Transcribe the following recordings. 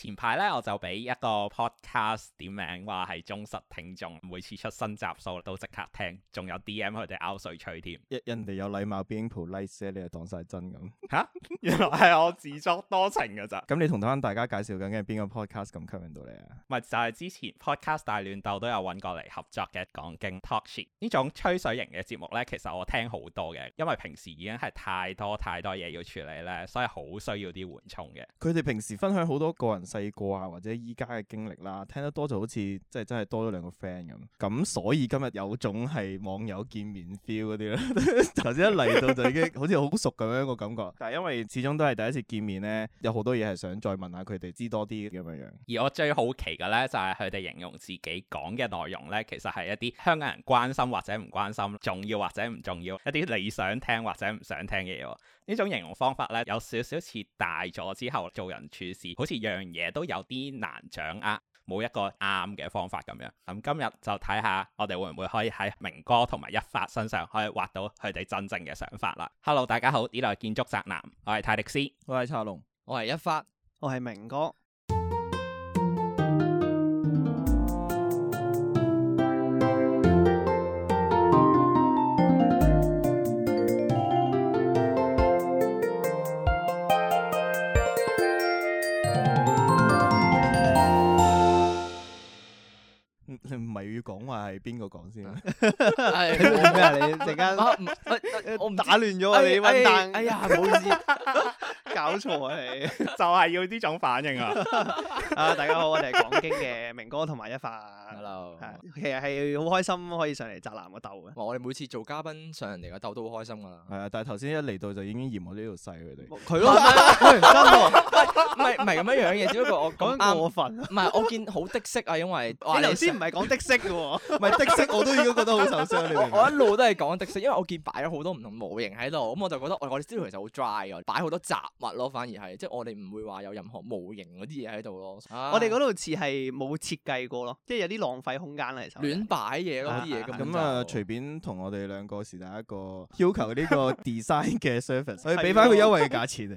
前排咧，我就俾一個 podcast 點名話係忠實聽眾，每次出新集數都即刻聽，仲有 DM 佢哋撓水吹添。人人哋有禮貌 being polite，邊鋪 l a s e 先、啊，你又當晒真咁？嚇，原來係我自作多情噶咋？咁 你同翻大家介紹緊嘅邊個 podcast 咁吸引到你啊？咪就係、係、之前 podcast 大亂鬥都有揾過嚟合作嘅講經 talk shit 呢種吹水型嘅節目咧，其實我聽好多嘅，因為平時已經係太多太多嘢要處理咧，所以好需要啲緩衝嘅。佢哋平時分享好多個人。細個啊，或者依家嘅經歷啦，聽得多就好似即係真係多咗兩個 friend 咁。咁所以今日有種係網友見面 feel 嗰啲咧，頭 先一嚟到就已經好似好熟咁樣個感覺。但係因為始終都係第一次見面咧，有好多嘢係想再問下佢哋知多啲咁樣樣。而我最好奇嘅咧，就係佢哋形容自己講嘅內容咧，其實係一啲香港人關心或者唔關心、重要或者唔重要、一啲你想聽或者唔想聽嘅嘢。呢種形容方法咧，有少少似大咗之後做人處事，好似樣嘢都有啲難掌握，冇一個啱嘅方法咁樣。咁、嗯、今日就睇下我哋會唔會可以喺明哥同埋一發身上，可以畫到佢哋真正嘅想法啦。 Hello，大家好，呢度係建築宅男，我係泰迪斯，我係查龍，我係一發，我係明哥。你唔係要講話係邊個講先？咩你陣間我唔打亂咗你！喂！哎呀，唔好意思，搞錯啊！你就係要呢種反應啊！啊，大家好，我哋係講經嘅明哥同埋一發。Hello，係，其實係好開心可以上嚟宅男個斗嘅。我哋每次做嘉賓上嚟個斗都好開心噶啦。係啊，但係頭先一嚟到就已經嫌我呢度細佢哋。佢咯，真喎。唔係唔係咁樣樣嘢，只不過我講過分。唔係，我見好的色啊，因為頭先唔係。講的式嘅喎，唔係的式我都已經覺得好受傷。你明唔明？我一路都係講的式，因為我見擺咗好多唔同模型喺度，咁我就覺得，我哋 studio 其實好 dry 嘅，擺好多雜物咯，反而係，即係我哋唔會話有任何模型嗰啲嘢喺度咯。我哋嗰度似係冇設計過咯，即係有啲浪費空間嚟。其實亂擺嘢咯，啲嘢咁。咁啊，隨便同我哋兩個是第一個要求呢個 design 嘅 service，所以俾翻個優惠嘅價錢。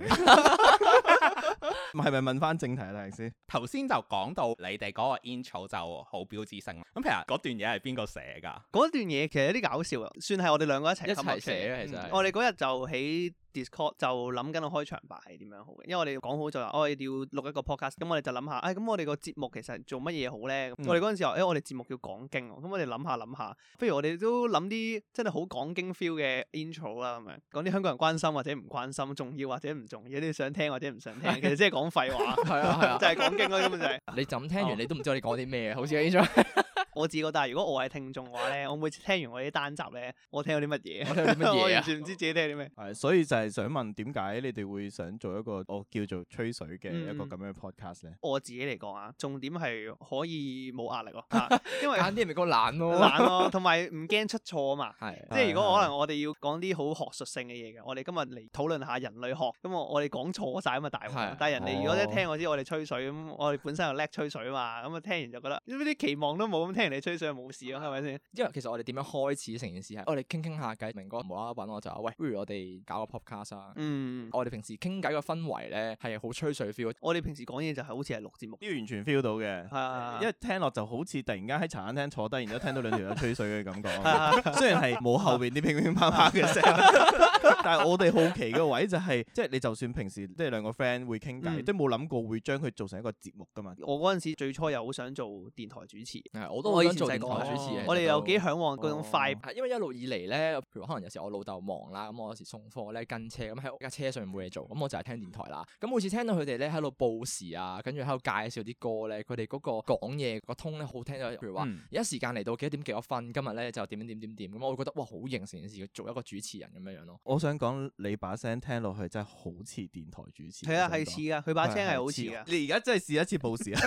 唔係咪問翻正題啊，大師？頭先就講到你哋嗰個 intro 就好標誌性啦。咁其實嗰段嘢係邊個寫㗎？嗰段嘢其實有啲搞笑，算係我哋兩個一齊一齊寫嘅，其實、嗯。我哋嗰日就喺 Discord 就諗緊個開場白係點樣好嘅，因為我哋講好就話，我哋要錄一個 podcast，咁我哋就諗下、哎，誒、嗯、咁我哋個節目其實做乜嘢好咧？我哋嗰陣時候，誒、哎、我哋節目叫講經，咁我哋諗下諗下，不如我哋都諗啲真係好講經 feel 嘅 intro 啦，咁樣講啲香港人關心或者唔關心，重要或者唔重要，你想聽或者唔想聽，其實即係講廢話，係啊， 係啊，就係講經咯，根本就係。你就咁聽完，哦、你都唔知我哋講啲咩，好似 intro。 我自己覺得，但係如果我係聽眾嘅話咧， 我每次聽完我啲單集咧，我聽到啲乜嘢？ 我聽到啲乜嘢，我完全唔知自己聽到啲咩。係、嗯，所以就係想問，點解你哋會想做一個我叫做吹水嘅一個咁樣嘅 podcast 咧？我自己嚟講啊，重點係可以冇壓力咯、啊， 因為、 啊、有啲人咪個懶咯，懶咯，同埋唔驚出錯啊嘛。係。 即係如果可能我，我哋要講啲好學術性嘅嘢嘅，我哋今日嚟討論下人類學，咁我哋講錯晒啊嘛，大鑊的。但係人哋如果一、哦、聽我知我哋吹水，咁我哋本身又叻吹水嘛，咁啊聽完就覺得呢啲期望都冇咁。人嚟吹水冇事咯，係咪先？因為其實我哋點樣開始成件事係，我哋傾傾下偈，明哥無啦啦搵我就話喂，不如我哋搞個 podcast 啊？嗯，我哋平時傾偈個氛圍咧係好吹水 feel。我哋平時講嘢就係好似係錄節目，呢完全 feel 到嘅。啊、因為聽落就好似突然間喺茶餐廳坐低，然之後聽到兩條友吹水嘅感覺。啊、雖然係冇後邊啲乒乒乓乓嘅聲，啊、 但係我哋好奇嘅位就係、係，即、就、係、係、你就算平時即係兩個 friend 會傾偈，嗯、都冇諗過會將佢做成一個節目㗎嘛。我嗰陣時最初又好想做電台主持，係我都。我而家做電台主持我哋有幾向往嗰種快感，因為一路以嚟咧，譬如可能有時我老豆忙啦，咁我有時送貨咧跟車，咁喺屋架車上冇嘢做，咁我就係聽電台啦。咁每次聽到佢哋咧喺度報時啊，跟住喺度介紹啲歌咧，佢哋嗰個講嘢個通咧好聽到。譬如話，而家時間嚟到幾多點幾多分，今日咧就點樣點點點，咁我覺得哇，好型成件事，做一個主持人咁樣樣咯。我想講你把聲聽落去真係好似電台主持，係啊係似噶，佢把聲係好似噶。你而家真係試一次報時啊！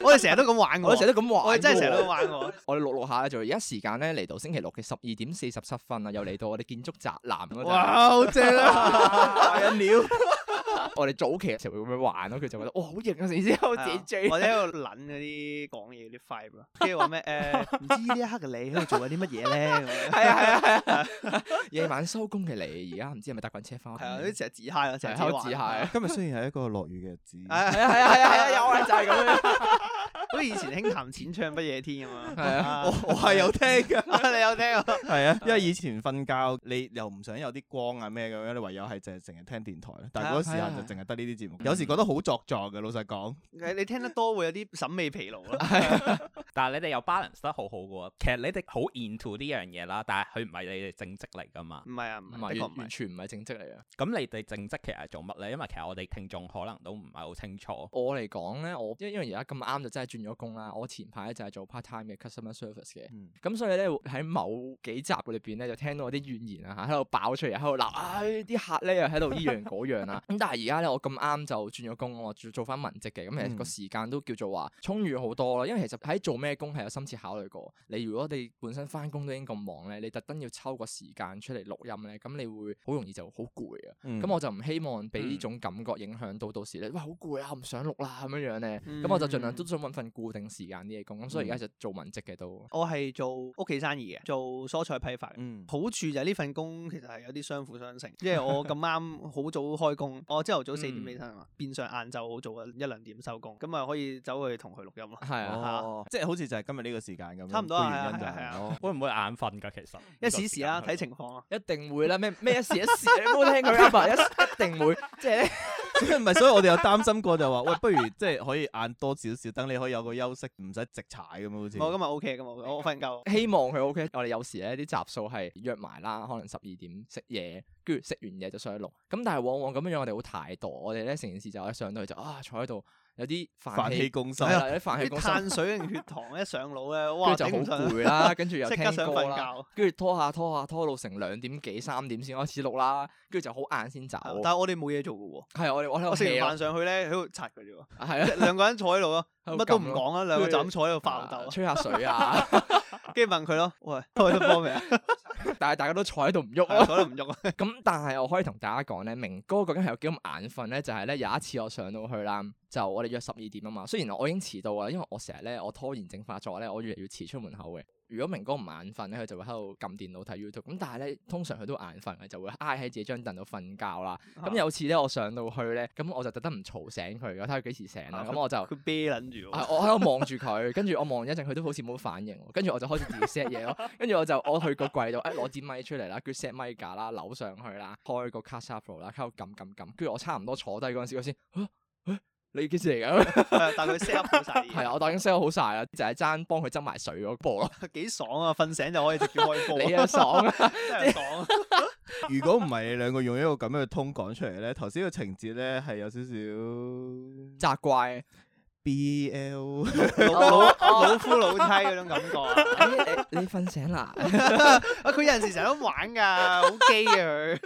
我哋成日都咁玩㗎，我成日都咁玩，我係真係成日都。我哋錄錄下咧，就而家時間咧嚟到星期六嘅十二點四十七分啊，又嚟到我哋建築宅男嗰度。哇，好正啊！大緊料！我哋早期成日咁樣玩咯，佢就覺得哇好型啊！然之後 J J 或者喺度諗嗰啲講嘢啲 five 啦，即係話咩誒？唔知呢一刻嘅你喺度做緊啲乜嘢咧？係啊係啊係啊！夜晚收工嘅你，而家唔知係咪搭緊車翻屋企？啊，成日自嗨啊，成日自嗨。今日雖然係一個落雨嘅日子。係啊係啊係啊係啊！有啊，就係咁樣。好似以前輕談淺唱乜嘢天咁嘛？係啊，我我係有聽噶， 你有聽啊？係啊，因為以前瞓覺你又唔想有啲光啊咩咁，你唯有係就係淨係聽電台。但係嗰時刻就淨係得呢啲節目。啊啊、有時覺得好作作嘅，老實講。你聽得多會有啲審美疲勞咯。啊、 但係你哋又 balance 得好好嘅喎。其實你哋好 into 呢樣嘢啦，但係佢唔係你哋正職嚟㗎嘛。唔係啊，唔係是完完全唔係正職嚟嘅。咁你哋正職其實係做乜咧？因為其實我哋聽眾可能都唔係好清楚。我嚟講咧，我因因為而家咁啱就真係轉咗工啦，我前排咧就係做 part time 嘅 customer service 嘅，咁、嗯、所以咧喺某幾集嘅裏邊咧就聽到啲怨言啊，喺度爆出嚟，喺度鬧，唉、 哎，啲客咧又喺度呢樣嗰樣啦，咁 但係而家咧我咁啱就轉咗工，我做做翻文職嘅，咁其實個時間都叫做話充裕好多咯，因為其實喺做咩工係有深切考慮過，你如果你本身翻工都已經咁忙咧，你特登要抽個時間出嚟錄音咧，咁你會好容易就好攰啊，咁、嗯、我就唔希望俾呢種感覺影響到，到時咧哇好攰啊，唔想錄啦咁樣樣咧，咁我就盡量都想揾份。固定時間啲嘢工，咁所以而家就做文職嘅都。我係做屋企生意嘅，做蔬菜批發。嗯，好處就係呢份工其實係有啲相輔相成，因為我咁啱好早開工，我朝頭早四點起身啊嘛，變相晏晝早做一兩點收工，咁啊可以走去同佢錄音咯。係啊，即係好似就係今日呢個時間咁樣。差唔多啊，係啊，係啊。會唔會眼瞓㗎？其實一時時啦，睇情況啊。一定會啦，咩咩一時一時，你唔好聽佢。一定會，即係。唔係， 所以我哋有擔心過就話， 喂，不如即係可以晏多少少，等你可以有個休息，唔使直踩咁好似、哦。我今日 O K 嘅，我我瞓夠。希望佢 O K。我哋有時咧啲集數係約埋啦，可能十二點食嘢，跟住食完嘢就上去錄。咁但係往往咁樣我，我哋好太度，我哋咧成件事就係一上到去就啊坐喺度。有啲飯氣攻心啊！啲飯氣攻心，碳水同血糖一上腦咧，哇！就好攰啦，跟住又聽歌啦，即刻想瞓覺啦，跟住拖下拖下拖到成兩點幾三點先開始錄啦，跟住就好晏先走。但係我哋冇嘢做嘅喎。係我哋我我食完飯上去咧喺度刷嘅啫喎。係啊，兩個人坐喺度咯，乜都唔講啊，兩個就咁坐喺度發吽逗，吹下水啊。跟住問佢咯，喂，開咗波未啊？但係大家都坐喺度唔喐啊。 坐喺度唔喐啊？咁 但係我可以同大家講咧，明哥究竟係有幾咁眼瞓咧？就係咧有一次我上到去啦，就我哋約十二點啊嘛。雖然我已經遲到啦，因為我成日咧我拖延症發作咧，我越嚟越遲出門口嘅。如果明哥唔眼瞓咧，佢就會喺度撳電腦睇 YouTube。咁但係咧，通常佢都眼瞓嘅，就會挨喺自己張凳度瞓覺啦。咁、啊、有次咧，我上到去咧，咁我就特登唔嘈醒佢，我睇佢幾時醒啦。咁我就佢啤撚住，係我喺度望住佢，跟住我望咗一陣，佢 都好似冇反應。跟住我就開始自己 set 嘢咯。跟住 我就我去個櫃度，哎、一攞支咪出嚟啦，佢 set 咪架啦，扭上去啦，開個 cut up flow 啦，喺度撳撳撳。跟住我差唔多坐低嗰陣時，我先你幾時嚟㗎？ 但佢 sell 好晒，係啊！我當緊 sell 好晒啦，就係爭幫佢執埋水嗰波咯。幾爽啊！瞓醒就可以直接開播。你也爽啊！真係爽。如果唔係你兩個用一個咁樣嘅 tone 講出嚟咧，頭先個情節咧係有少少責怪。B.L. 老夫老妻嗰種感覺。你瞓醒啦？佢有陣時成日都玩噶，好機嘅佢。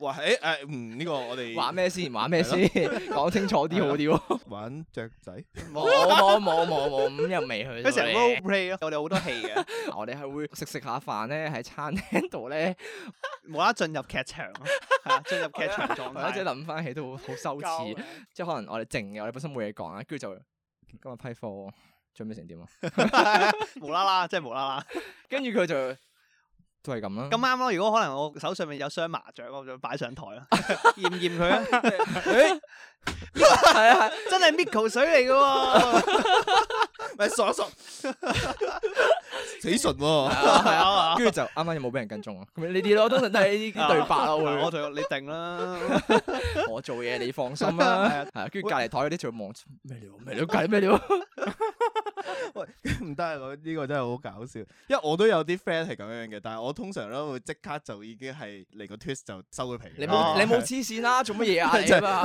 喂、啊，誒、呃，嗯，呢個我哋玩咩先？玩咩先？講清楚啲好啲喎、哦。玩雀仔。冇冇冇冇冇，咁又未去佢成日都 role play 咯，我哋好多戲嘅。我哋係、 嗯、會食食下飯咧，喺餐廳度咧，冇啦進入劇場。係啊，進入劇場狀態呀。或者諗翻起 都好，好羞恥。即係可能我哋靜嘅，我哋本身冇嘢講啊，跟住就。今日批貨準備成點啊？無啦啦，真係無啦啦，跟住佢就。都係咁啦，咁啱咯。如果可能，我手上面有雙麻雀，我就擺上台啦，驗驗佢啊？誒，係啊，係真係 Miko 水嚟噶，咪係傻傻，死純喎，係啊。跟住就啱啱有冇俾人跟蹤啊？你呢啲咯，通常都係啲對白咯。我同你定啦，我做嘢你放心啦。係啊，跟住隔籬台嗰啲就望咩料咩料計咩料。喂，唔得啊！呢、這個真係好搞笑，因為我都有啲 friend 係咁樣嘅，但係我通常都會即刻就已經係嚟個 twist 就收咗皮。你冇、哦、你冇黐線啦，做乜嘢啊？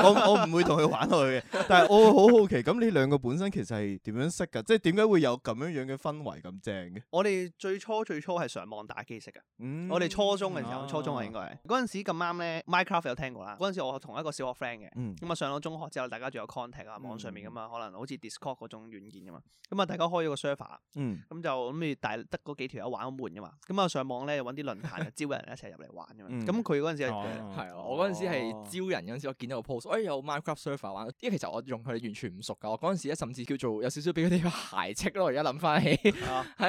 我我唔會同佢玩落去嘅，但係我會好好奇，咁你兩個本身其實係點樣識噶？即係點解會有咁樣樣嘅氛圍咁正嘅？我哋最初最初係上網打機識噶，嗯、我哋初中嘅時候，啊、初中啊應該係嗰陣時咁啱咧，Minecraft 有聽過啦。嗰陣時我同一個小學 friend 嘅，咁啊、嗯、上咗中學之後，大家仲有 contact 啊，網上面噶嘛，嗯、可能好似 Discord 嗰種軟件噶嘛，咁啊大家開。呢個 server，嗯，咁就諗住大得嗰幾條友玩好悶噶嘛，咁啊上網咧又搵啲論壇，就招人一齊入嚟玩咁。佢嗰陣時係，係、啊、我嗰陣時係招人嗰陣時，我見到個 post，哎有 Minecraft server 玩，因為其實我用佢哋完全唔熟噶，我嗰陣時咧甚至叫做有少少俾佢哋排斥咯，我而家諗翻起，係啊，啊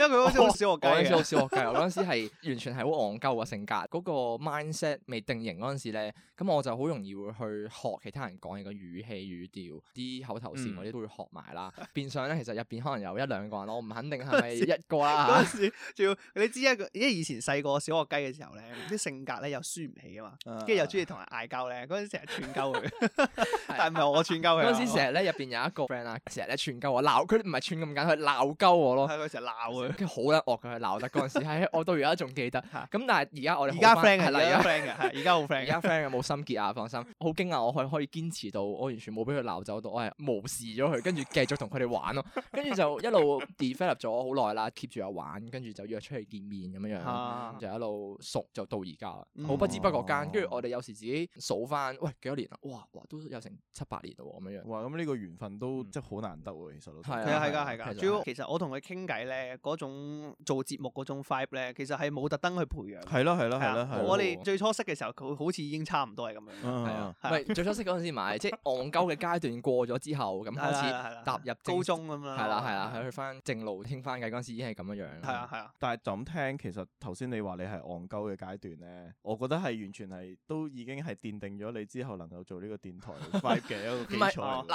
因為佢嗰時好小學雞嘅，我嗰時好小學雞， 我嗰時係完全係好憨鳩嘅性格，嗰、嗰個 mindset 未定型嗰陣時咧，咁我就好容易會去學其他人講嘢嘅語氣語調，啲口頭禪嗰啲都會學埋啦，嗯、變相咧其實入邊。可能有一兩個人，我唔肯定係咪一個啊。嗰陣時仲要你知一個，因為以前細個小學雞嘅時候咧，啲性格咧又輸唔起啊嘛，跟住又中意同人嗌交咧。嗰陣成日串鳩佢，但係唔係我串鳩佢。嗰陣時成日咧入邊有一個 friend 啦，成日咧串鳩我鬧佢，唔係串咁簡佢鬧鳩我咯。係嗰時鬧佢，跟住好撚惡嘅鬧得嗰陣時，係我到而家仲記得。咁但係而家我哋而家 friend 係啦，而家 friend 嘅係而家好 friend，而家 friend 有冇心結啊，放心，好驚訝！我可可以堅持到我完全冇俾佢鬧走到，我係無視咗佢，跟住繼續同佢哋玩咯，跟住。就一路 develop 咗好耐啦，keep 住有玩，跟住就約出去見面咁樣樣，就一路熟就到而家，好不知不覺間，跟住我哋有時自己數翻，喂幾多年啦？哇哇都有成七八年咯咁樣樣。哇咁呢個緣分都真係好難得喎，其實都係啊係㗎係㗎。主要其實我同佢傾偈咧，嗰種做節目嗰種 vibe 咧，其實係冇特登去培養。係咯係咯係啦係啦。我哋最初識嘅時候，佢好似已經差唔多係咁樣。係啊，唔係最初識嗰陣時咪，即係戇鳩嘅階段過咗之後，咁開始踏入高中咁樣。係啦。係啊，去翻正路聽翻偈嗰陣時已經係咁樣樣。係啊係啊，但係就咁聽，其實頭先你話你係戇鳩嘅階段咧，我覺得係完全係都已經係奠定咗你之後能夠做呢個電台嘅一個基礎。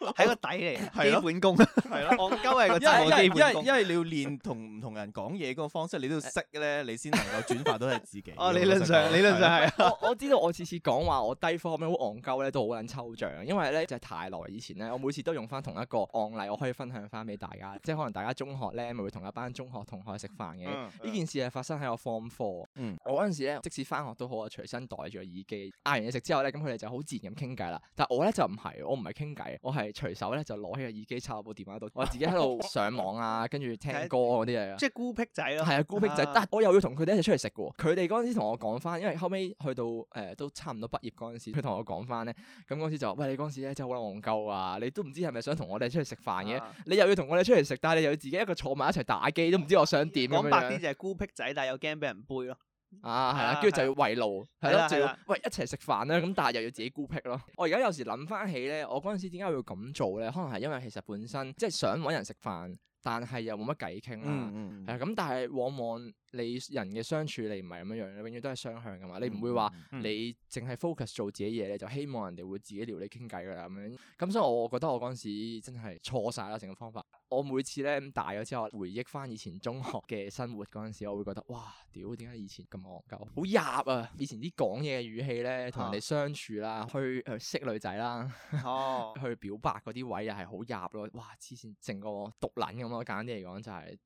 係一個底嚟，基本功。係咯，戇鳩係一個基本功。因為因為因為你要練同唔同人講嘢嗰個方式，你都要識咧，你先能夠轉化到你自己。哦，理論上理論上係。啊。我知道我次次講話我低科咩好戇鳩咧，都好撚抽象，因為咧就係太耐以前咧，我每次都用翻同一個案例，我可以分享翻俾。大家即係可能大家中學咧，咪會同一班中學同學食飯嘅。呢、嗯、件事係發生喺我 Form 4、嗯。我嗰陣時咧，即使翻學都好，我隨身袋住耳機。嗌完嘢食之後咧，咁佢哋就好自然咁傾偈啦。但係我咧就唔係，我唔係傾偈，我係隨手咧就攞起個耳機插落部電話度， 我自己喺度上網啊，跟住聽歌嗰啲嘢。即係孤僻仔咯。係啊，啊孤僻仔，但我又要同佢哋一齊出去食嘅喎。佢哋嗰陣時同我講翻，因為後尾去到誒、呃、都差唔多畢業嗰陣時，佢同我講翻咧，咁嗰陣時就話：喂，你嗰陣時咧真係好戇鳩啊！你都唔知係咪想同我哋出去食飯嘅？啊、你又要同我哋出嚟食，但係你又要自己一個坐埋一齊打機，都唔知我想點咁樣。講白啲就係孤僻仔，但係又驚俾人背咯。啊，係啦、啊，跟住就要圍爐，係咯、啊，啊啊、就要喂一齊食飯啦。咁但係又要自己孤僻咯。 我而家有時諗翻起咧，我嗰陣時點解會咁做咧？可能係因為其實本身即係想搵人食飯。但係又冇乜偈傾啦，係啊，咁但係往往你人嘅相處，你唔係咁樣樣，永遠都係雙向噶嘛， 你唔會話你淨係 focus 做自己嘢咧，你就希望人哋會自己撩你傾偈噶啦咁樣，咁所以我覺得我嗰陣時真係錯晒啦成個方法。我每次咧大咗之後，回憶翻以前中學嘅生活嗰陣時，我會覺得哇屌，點解以前咁戇鳩，好夾啊！以前啲講嘢嘅語氣咧，同人哋相處啦、啊，去去識女仔啦、啊，哦、去表白嗰啲位又係好夾咯，哇！之前成個毒撚咁咯，簡啲嚟講就係、是、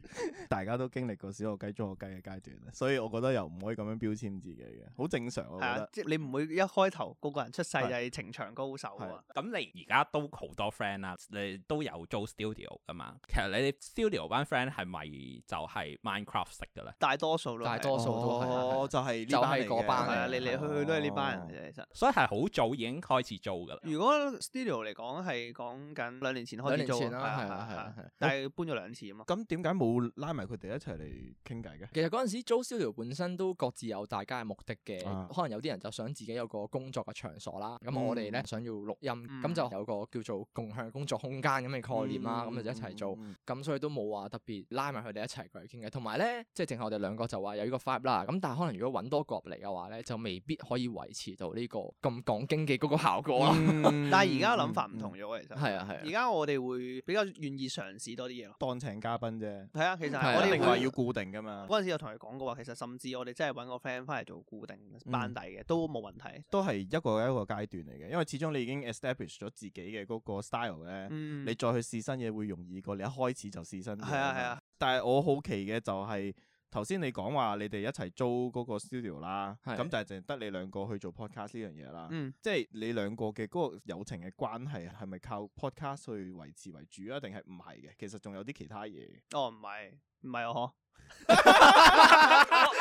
大家都經歷過小學雞、中學雞嘅階段，所以我覺得又唔可以咁樣標籤自己嘅，好正常我覺得即係你唔會一開頭嗰個人出世就係情場高手咁、啊、的的你而家都好多 friend 啦、啊，你都有做 studio 噶嘛？其實你哋 Studio 班 friend 係咪就係 Minecraft 識嘅咧？大多數咯，大多數都係，就係呢班嚟嘅，嚟嚟去去都係呢班人嘅。其實，所以係好早已經開始租噶啦。如果 Studio 嚟講係講緊兩年前開始做，係係係，但係搬咗兩次啊嘛。咁點解冇拉埋佢哋一齊嚟傾偈嘅？其實嗰陣時租 Studio 本身都各自有大家嘅目的嘅，可能有啲人就想自己有個工作嘅場所啦。咁我哋咧想要錄音，咁就有個叫做共享工作空間咁嘅概念啦。咁就一齊。咁、嗯嗯、所以都冇話特別拉埋佢哋一齊過嚟傾偈，同埋咧，即係淨係我哋兩個就話有呢個 fap 啦。咁但係可能如果揾多個嚟嘅話咧，就未必可以維持到呢個咁講經嘅嗰個效果咯。嗯嗯、但係而家諗法唔同咗，其實係啊係啊。而家、嗯、我哋會比較願意嘗試多啲嘢咯，啊啊、當請嘉賓啫。係啊，其實我哋唔係要固定㗎嘛。嗰陣、嗯、時我同佢講過話，其實甚至我哋真係揾個 friend 翻嚟做固定、嗯、班底嘅都冇問題，都係一個一個階段嚟嘅。因為始終你已經 establish 咗自己嘅嗰個 style 咧、嗯，你再去試新嘢會容易。你一開始就試身，係啊係啊，啊但係我好奇嘅就係頭先你講話你哋一齊租嗰個 studio 啦，咁、啊、就係淨係得你兩個去做 podcast 呢樣嘢啦。即係、嗯、你兩個嘅嗰個友情嘅關係係咪靠 podcast 去維持為主啊？定係唔係嘅？其實仲有啲其他嘢。哦，唔係唔係我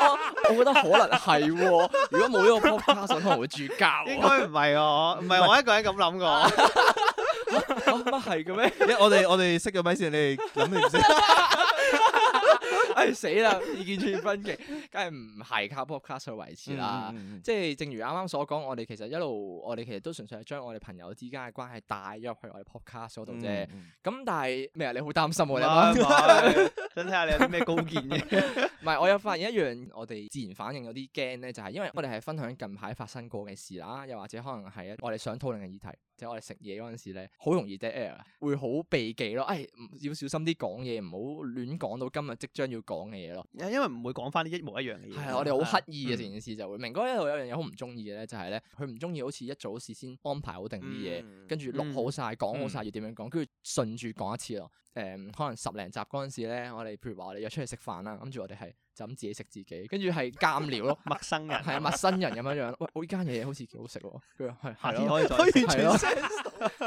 我，我，我覺得可能係、啊。如果冇呢個 podcast，可能會 絕交。 應該唔係我，唔係我一個人咁諗過。 乜係嘅咩？一我哋我哋熄咗咪先，你哋諗定先。 死啦！意見全分歧，梗係唔係靠 Podcast 去維持啦？嗯嗯嗯嗯即係正如啱啱所講，我哋其實一路，我哋其實都純粹係將我哋朋友之間嘅關係帶咗入去我哋 Podcast 嗰度啫。咁、嗯嗯嗯、但係咩？你好擔心喎？你、嗯嗯嗯，想睇下你有啲咩高見嘅？唔係， 我有發現一樣，我哋自然反應有啲驚咧，就係、係、因為我哋係分享近排發生過嘅事啦，又或者可能係我哋想討論嘅議題，就係、我哋食嘢嗰陣時咧，好容易 dead air，會好避忌咯。唉、哎，要小心啲講嘢，唔好亂講到今日即將要講講嘅嘢咯，因為唔會講翻啲一模一樣嘅嘢。係我哋好刻意嘅成件事就會。嗯、明哥一路有樣嘢好唔中意嘅咧，就係咧，佢唔中意好似一早事先安排定、嗯、好定啲嘢，跟住錄好晒、講好晒要點樣講，跟住順住講一次咯。誒、嗯，可能十零集嗰陣時咧，我哋譬如話我哋約出去食飯啦，諗住我哋係。就自己食自己，跟住係尬聊咯。陌生人，係啊，陌生人咁樣樣。喂，依間嘢好似幾好食喎。佢話係下次可以再。佢完全 set。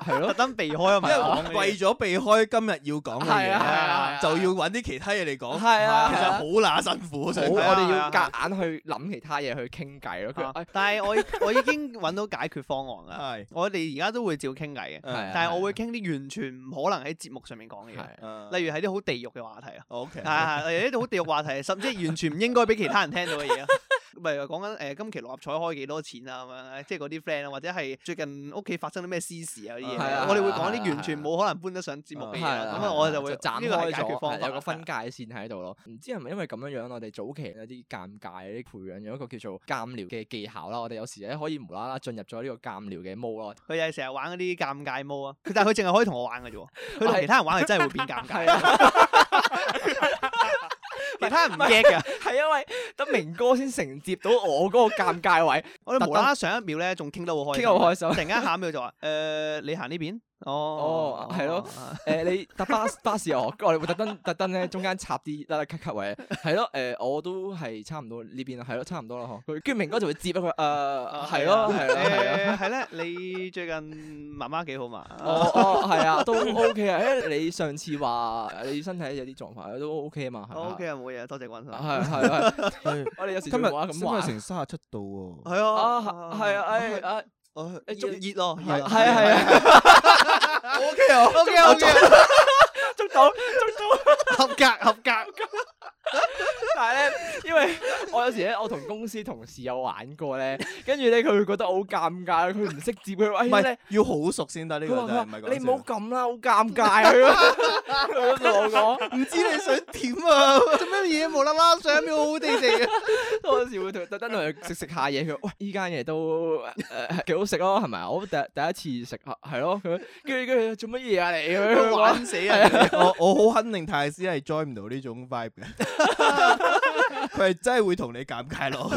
係咯。特登避開啊嘛，即係為咗避開今日要講嘅嘢就要揾啲其他嘢嚟講。係啊，其實好難辛苦，成日我哋要夾硬去諗其他嘢去傾偈咯。佢，但係我我已經揾到解決方案啦。我哋而家都會照傾偈嘅，但係我會傾啲完全唔可能喺節目上面講嘅嘢，例如係啲好地獄嘅話題啊。O K，係係。喺度好地域話題，甚至完全唔應該俾其他人聽到嘅嘢，唔係講緊誒今期六合彩開幾多錢啊咁樣，即係嗰啲 friend 啊，或者係最近屋企發生啲咩私事啊啲嘢，啊、我哋會講啲完全冇可能搬得上節目嘅嘢，咁啊我哋就會斬開咗，個有個分界線喺度咯。唔知係咪因為咁樣樣，我哋早期有啲尷尬，啲培養咗一個叫做尬聊嘅技巧啦。我哋有時可以無啦啦進入咗呢個尬聊嘅 mode 咯。佢又成日玩嗰啲尷尬 mode 啊，佢但係佢淨係可以同我玩嘅啫喎，佢同其他人玩係真係會變尷尬。啊 其他人唔驚嘅，係 因為得明哥先承接到我嗰個尷尬位。 我哋無啦啦上一秒咧仲傾得好開心，傾得好開心，開心，突然間下一秒就話，誒、 呃，你行呢邊。哦，係咯，誒，你搭巴士，巴士又學我哋會特登特登咧，中間插啲粒粒咳咳位，係咯，誒，我都係差唔多呢邊啊，係咯，差唔多啦嗬，跟住明哥就會接啊佢，誒，係咯，係啊，係啊，係咧，你最近媽媽幾好嘛？哦哦，係啊，都 O K 啊，因為你上次話你身體有啲狀況，都 O K 啊嘛，係 O K 啊，冇嘢，多謝關心。係係係，我哋有時今日話咁今日成三十七度喎。係啊，係啊，誒誒。哦，熱熱哦，係啊係啊，O K 哦，O K O K，中到，okay, okay，中到，合格合格。但係咧，因為我有時咧，我同公司同事有玩過咧，跟住咧，佢會覺得好尷尬，佢唔識接佢，喂，唔係，要、呃、好熟先得呢個真係，唔係講笑。你唔好咁啦，好尷尬佢啊！佢同我講，唔知你想點啊？做乜嘢無啦啦想咩好地地嘅？我有時會特登去食食下嘢，佢喂，依間嘢都誒幾好食咯，係咪？我第第一次食係、啊、咯，跟住跟住做乜嘢啊？你佢玩死人！我我好肯定泰斯係 join 唔到呢種 vibe 嘅。佢係真係會同你尷尬落去，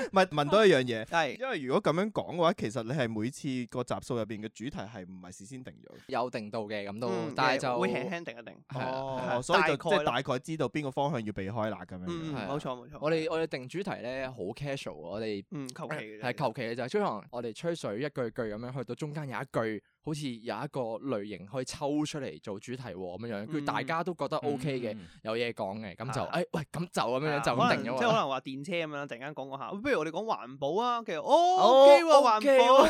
唔係問多一樣嘢，係因為如果咁樣講嘅話，其實你係每次個集數入邊嘅主題係唔係事先定咗有定到嘅，咁都，但係就會輕輕定一定，哦，所以即係大概知道邊個方向要避開啦咁樣，冇錯冇錯，我哋我哋定主題咧好 casual，我哋嗯求其，係求其嘅就係吹糖，我哋吹水一句句咁樣，去到中間有一句。好似有一個類型可以抽出嚟做主題咁樣樣，跟大家都覺得 O K 嘅，有嘢講嘅，咁就誒喂，咁就咁樣就咁定咗。即係可能話電車咁樣突然間講講下，不如我哋講環保啊。其實哦，O K 環保，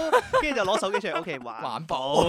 跟住就攞手機出嚟 O K 環保。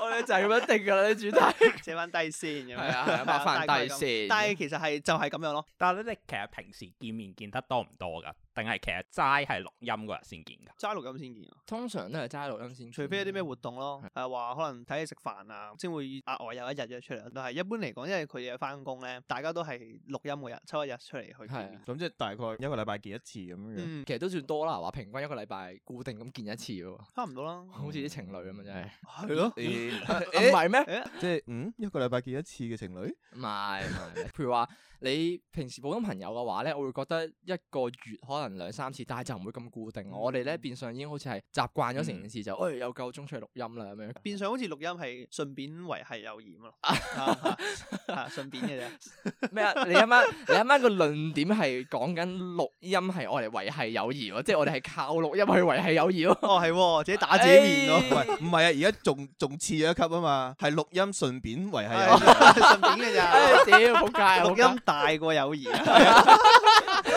我哋就係咁定㗎啦，啲主題寫翻低先咁樣，寫翻低先。但係其實係就係咁樣咯。但係你哋其實平時見面見得多唔多㗎？定係其實齋係錄音嗰日先見噶，齋錄音先見啊。通常都係齋錄音先，除非有啲咩活動咯，係話可能睇你食飯啊，先會額外有一日約出嚟。都係一般嚟講，因為佢哋翻工咧，大家都係錄音嗰日抽一日出嚟去。係。咁即係大概一個禮拜見一次咁樣樣。嗯，其實都算多啦，話平均一個禮拜固定咁見一次喎。差唔多啦。好似啲情侶咁樣，真係。係咯。唔係咩？即係嗯，一個禮拜見一次嘅情侶？唔係。譬如話你平時普通朋友嘅話咧，我會覺得一個月可能。兩三次，但係就唔會咁固定。我哋咧，變相已經好似係習慣咗成件事，就，誒，有夠鐘出去錄音啦，咁樣。變相好似錄音係順便維繫友誼咯。啊，順便嘅啫。咩啊？你啱啱你啱啱個論點係講緊錄音係我哋維繫友誼，即係我哋係靠錄音去維繫友誼咯。哦，係，自己打自己面咯。喂，唔係啊，而家仲仲次咗一級啊嘛，係錄音順便維繫友誼，順便嘅咋？屌，冇計，錄音大過友誼。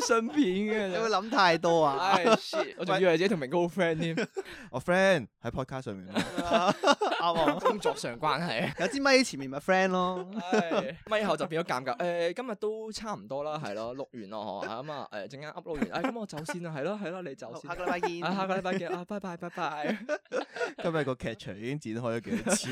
信片嘅，你會諗太多啊！我仲以為自己同明哥好 friend 添，我 friend 喺 podcast 上面，阿王工作上關係。有支咪前面咪 friend 咯，咪後就變咗尷尬。誒，今日都差唔多啦，係咯，錄完咯嗬，咁啊，誒，陣間 upload 咁我走先啦，係咯，係咯，你走先。下個禮拜見，下個禮拜見，啊，拜拜，拜拜。今日個劇場已經展開咗幾次？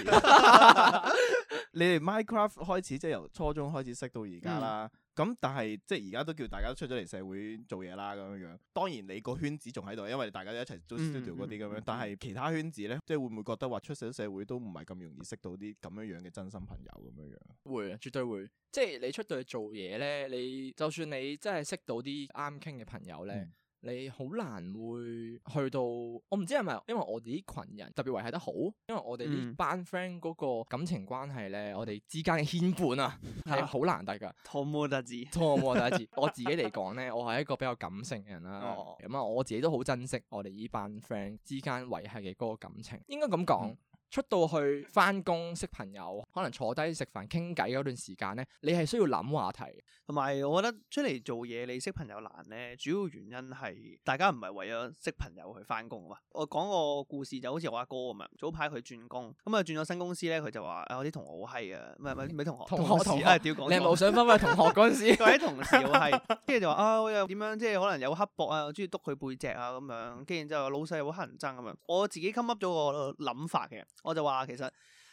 你哋 Minecraft 開始即係由初中開始識到而家啦。咁但係即係而家都叫大家都出咗嚟社會做嘢啦咁樣樣，當然你個圈子仲喺度，因為大家一齊做 studio 嗰啲咁樣，嗯嗯、但係其他圈子咧，即係會唔會覺得話出咗社會都唔係咁容易識到啲咁樣樣嘅真心朋友咁樣樣？會啊，絕對會。即係你出到去做嘢咧，你就算你真係識到啲啱傾嘅朋友咧。嗯你好難會去到，我唔知係咪，因為我哋呢群人特別維繫得好，因為我哋呢班 friend 嗰個感情關係咧，嗯、我哋之間嘅牽絆啊，係好 難得噶。託摸得知，託摸得知。 我自己嚟講咧，我係一個比較感性嘅人啦、啊。咁啊、哦嗯，我自己都好珍惜我哋呢班 friend 之間維繫嘅嗰個感情，應該咁講。嗯出到去翻工識朋友，可能坐低食飯傾偈嗰段時間咧，你係需要諗話題。同埋我覺得出嚟做嘢你識朋友難咧，主要原因係大家唔係為咗識朋友去翻工啊嘛。我講個故事就好似我阿哥咁樣，早排佢轉工，咁啊轉咗新公司咧，佢就話啊我啲同學好閪啊，唔係唔係唔係同學，同學同屌講你咩冇想班嘅同學嗰陣學時、啊，嗰啲同事好係，跟住 就話啊我又點樣即係可能有刻薄啊，我中意督佢背脊啊咁樣，跟住之後老細好黑人憎咁樣。我自己 come up 咗個諗法嘅。我就話其實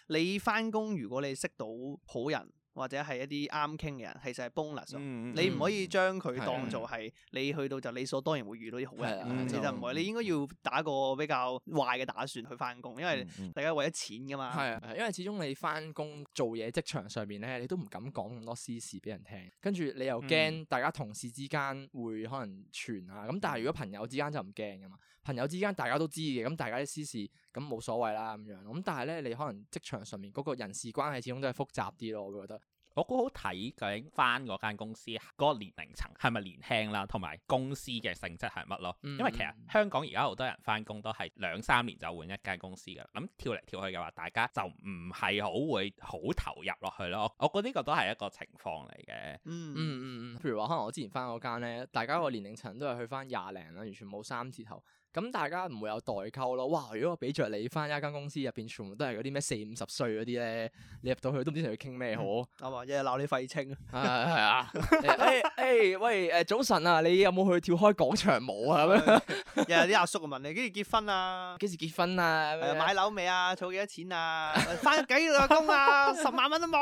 你翻工，如果你識到好人或者係一啲啱傾嘅人，其實係 bonus、嗯。你唔可以將佢當做係你去到就理所當然會遇到啲好人、嗯、其實唔係。嗯、你應該要打個比較壞嘅打算去翻工，因為大家為咗錢噶嘛。係、嗯嗯、因為始終你翻工做嘢職場上面咧，你都唔敢講咁多私事俾人聽。跟住你又驚大家同事之間會可能傳啊。咁但係如果朋友之間就唔驚噶嘛。朋友之間大家都知嘅，咁大家啲私事咁冇所謂啦咁樣。咁但係咧，你可能職場上面嗰個人事關係始終都係複雜啲咯，我覺得。我都好睇究竟翻嗰間公司嗰個年齡層係咪年輕啦，同埋公司嘅性質係乜咯。因為其實香港而家好多人翻工都係兩三年就換一間公司嘅。咁跳嚟跳去嘅話，大家就唔係好會好投入落去咯。我覺得呢個都係一個情況嚟嘅、嗯嗯。嗯嗯嗯嗯。譬如話，可能我之前翻嗰間咧，大家個年齡層都係去翻廿零啦，完全冇三字頭。咁大家唔會有代溝咯。哇！如果我俾着你翻一間公司入邊，全部都係嗰啲咩四五十歲嗰啲咧，你入到去都唔知同佢傾咩好。啱、嗯、 啊，日日鬧你廢青。係係啊。誒、 哎哎、喂，誒、呃、早晨啊，你有冇去跳開廣場舞啊？日日啲阿叔問你，幾時結婚啊？幾時結婚啊？買樓未啊？儲幾、啊啊、多錢啊？翻咗 幾個工啊？ 十萬蚊都冇。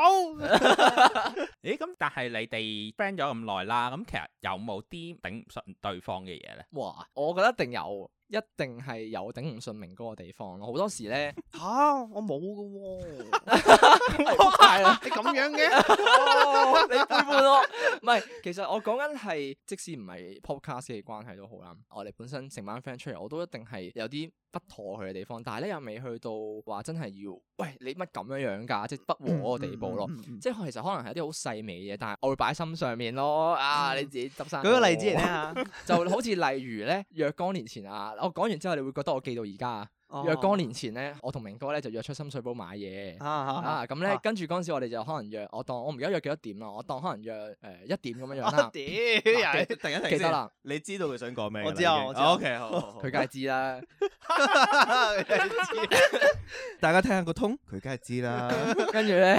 誒， 咁但係你哋 friend 咗咁耐啦，咁其實有冇啲頂唔順對方嘅嘢咧？哇！我覺得一定有。一定係有頂唔順明哥嘅地方咯，好多時咧吓、啊、我冇噶喎，你咁樣嘅，你背叛我。唔係，其實我講緊係，即使唔係 podcast 嘅關係都好啦，我哋本身成班 friend 出嚟，我都一定係有啲不妥佢嘅地方，但係咧又未去到話真係要，喂你乜咁樣樣噶，即係不和嗰個地步咯，嗯嗯嗯、即係其實可能係啲好細微嘅嘢，但係我會擺心上面咯，啊你自己執生。舉個例子嚟聽下，就好似例如咧 若干年前啊。我講完之後，你會覺得我記到而家。若干年前咧，我同明哥咧就約出深水埗買嘢啊，咁咧跟住嗰陣時，我哋就可能約我當我唔記得約幾多點啦，我當可能約誒一點咁樣樣啦。屌，又係突然間停先啦！你知道佢想講咩？我知啊，OK 好，佢梗係知啦。大家聽下個通，佢梗係知啦。跟住咧。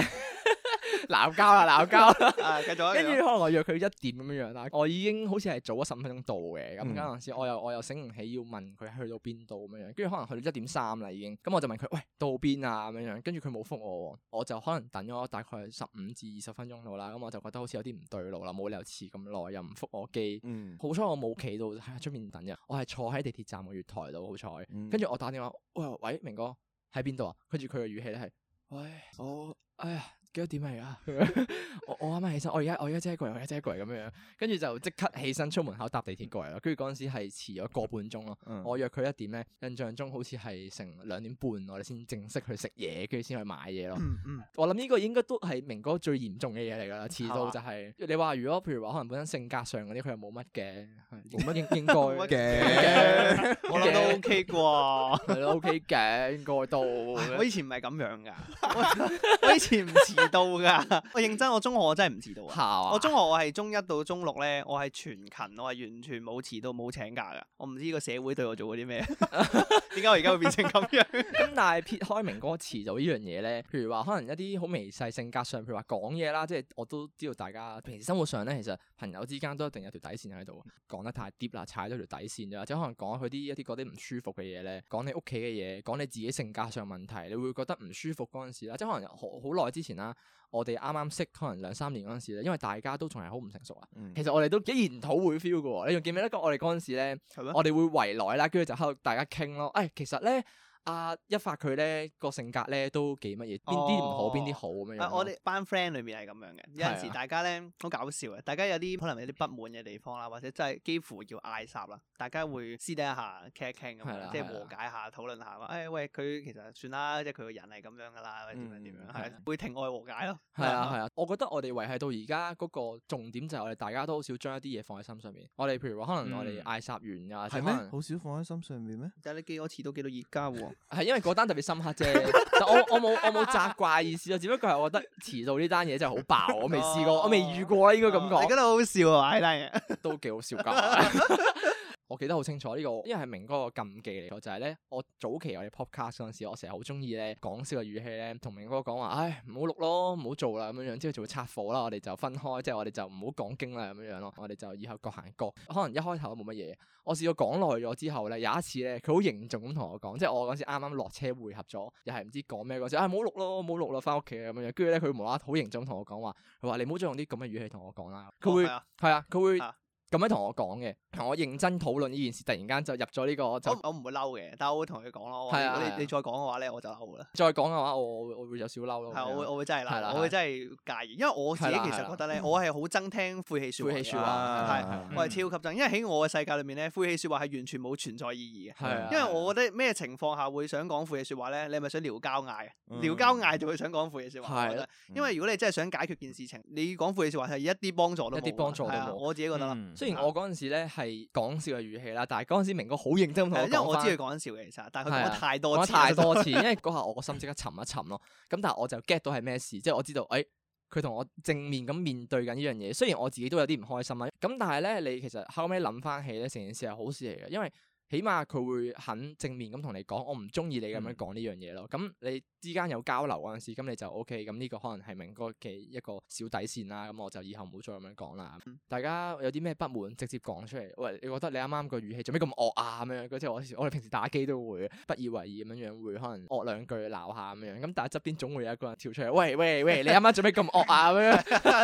鬧交啦，鬧交！啊，繼續，跟住可能我約佢一點咁樣樣啦，我已經好似係早咗十五分鐘到嘅，咁陣時我又我又醒唔起要問佢去到邊度咁樣樣，跟住可能去到一點三啦已經，咁我就問佢，喂，到邊啊咁樣樣，跟住佢冇覆我，我就可能等咗大概十五至二十分鐘到啦，咁我就覺得好似有啲唔對路啦，冇理由遲咁耐又唔覆我機，嗯、好彩我冇企到喺出、哎、面等嘅，我係坐喺地鐵站嘅月台度，好彩，跟住我打電話，喂，喂，明哥喺邊度啊，跟住佢嘅語氣咧係，喂我哎呀。幾多點嚟噶？ 我啱啱起身，我而家我而家即係過嚟，我而家即係過嚟咁樣，跟住就即刻起身出門口搭地鐵過嚟咯。跟住嗰陣時係遲咗個半鐘咯。嗯、我約佢一點咧，印象中好似係成兩點半，我哋先正式去食嘢，跟住先去買嘢咯。嗯嗯、我諗呢個應該都係明哥最嚴重嘅嘢嚟噶啦，遲到就係、是、嗎你話如果譬如話可能本身性格上嗰啲佢又冇乜嘅，冇乜應該應該嘅 麼， 麼 頸我諗都 OK 啩 ，OK 嘅應該都。我以前唔係咁樣噶， 我以前唔遲到噶， 我認真，我中學我真係唔遲到、啊、我中學我係中一到中六咧，我係全勤，我係完全冇遲到冇請假噶。我唔知個社會對我做咗啲咩？點 解我而家會變成咁樣？咁 但係撇開明哥遲早呢樣嘢咧，譬如話可能一啲好微細性格上，譬如說說話講嘢啦，即係我都知道大家平時生活上咧，其實朋友之間都一定有一條底線喺度。講得太 deep 啦，踩咗條底線啫，或者可能講佢啲一啲嗰啲唔舒服嘅嘢咧，講你屋企嘅嘢，講你自己性格上問題，你會覺得唔舒服嗰陣時啦，即係可能好好耐之前啦。我哋啱啱識，可能兩三年嗰陣時咧，因為大家都仲係好唔成熟啊，其實我哋都幾研討會 feel 噶，你仲記唔記得我哋嗰陣時咧？我哋會圍內啦，跟住就喺度大家傾咯，誒，其實咧。啊，一發佢咧個性格咧都幾乜嘢，邊啲唔好邊啲好咁樣。我哋班 friend 裏面係咁樣嘅，有陣時大家咧好搞笑嘅，大家有啲可能有啲不滿嘅地方啦，或者真係幾乎要嗌閂啦，大家會私底下傾一傾咁樣，即係和解下討論下話，誒喂，佢其實算啦，即係佢個人係咁樣噶啦，或者點樣點樣，係會庭外和解咯。係啊係啊，我覺得我哋維繫到而家嗰個重點就係我哋大家都好少將一啲嘢放喺心上面。我哋譬如話，可能我哋嗌閂完啊，係咩？好少放喺心上面咩？但係你幾多次都幾到熱交喎。係因為嗰單特別深刻啫， 我我冇我冇責怪意思啊，只不過係我覺得遲到呢單嘢真係好爆，我未試過，哦、我未遇過啊，應該咁講。你覺得好笑啊？呢單嘢都幾好笑噶。 我記得好清楚呢個，因為係明哥個禁忌嚟㗎，就係咧，我早期我哋 podcast 嗰陣時，我成日好中意咧講笑嘅語氣咧，同明哥講話，唉，唔好錄咯，唔好做啦，咁樣樣，之後就會拆夥啦，我哋就分開，即係我哋就唔好講經啦，咁樣樣咯，我哋就以後各行各。可能一開頭冇乜嘢，我試過講耐咗之後咧，有一次咧，佢好凝重咁同我講，即係我嗰陣時啱啱落車會合咗，又係唔知講咩嗰陣，唉，唔好錄咯，唔好錄啦，翻屋企咁樣樣，跟住咧佢無啦啦好凝重同我講話，佢話你唔好再用啲咁嘅語氣同我講啦，佢會係、哦、啊，佢、啊、會。咁樣同我講嘅，同我認真討論呢件事，突然間就入咗呢個我唔會嬲嘅，但係我會同佢講咯。係啊。你你再講嘅話咧，我就嬲啦。再講嘅話，我我會有少少嬲咯。係，我會我會真係，我會真係介意，因為我自己其實覺得咧，我係好憎聽晦氣説話。晦氣説話，係我係超級憎，因為喺我嘅世界裏面咧，晦氣説話係完全冇存在意義嘅。係。因為我覺得咩情況下會想講晦氣説話咧？你係咪想撩交嗌？撩交嗌就會想講晦氣説話。係。因為如果你真係想解決件事情，你講晦氣説話係一啲幫助都一啲幫助都冇。我自己覺得啦。雖然我嗰陣時咧係講笑嘅語氣啦，但係嗰陣時明哥好認真同我講，因為我知佢講笑嘅其實，但係佢講太多、啊、太多次， 因為嗰下我個心即刻沉一沉咯。咁但係我就 get 到係咩事，即係我知道，誒佢同我正面咁面對緊呢樣嘢。雖然我自己都有啲唔開心啦，咁但係咧，你其實後尾諗翻起咧，成件事係好事嚟嘅，因為。起碼佢會肯正面咁同你講、嗯，我唔中意你咁樣講呢樣嘢咯。咁你之間有交流嗰陣時，咁你就 O K。咁呢個可能係明哥嘅一個小底線啦。咁我就以後唔好再咁樣講啦。嗯、大家有啲咩不滿，直接講出嚟。喂，你覺得你啱啱個語氣做咩咁惡啊？咁樣嗰即係我哋平時打機都會不以為意咁樣樣，會可能惡兩句鬧下咁樣。咁但係側邊總會有一個人跳出嚟，喂喂喂，你啱啱做咩咁惡啊？咁樣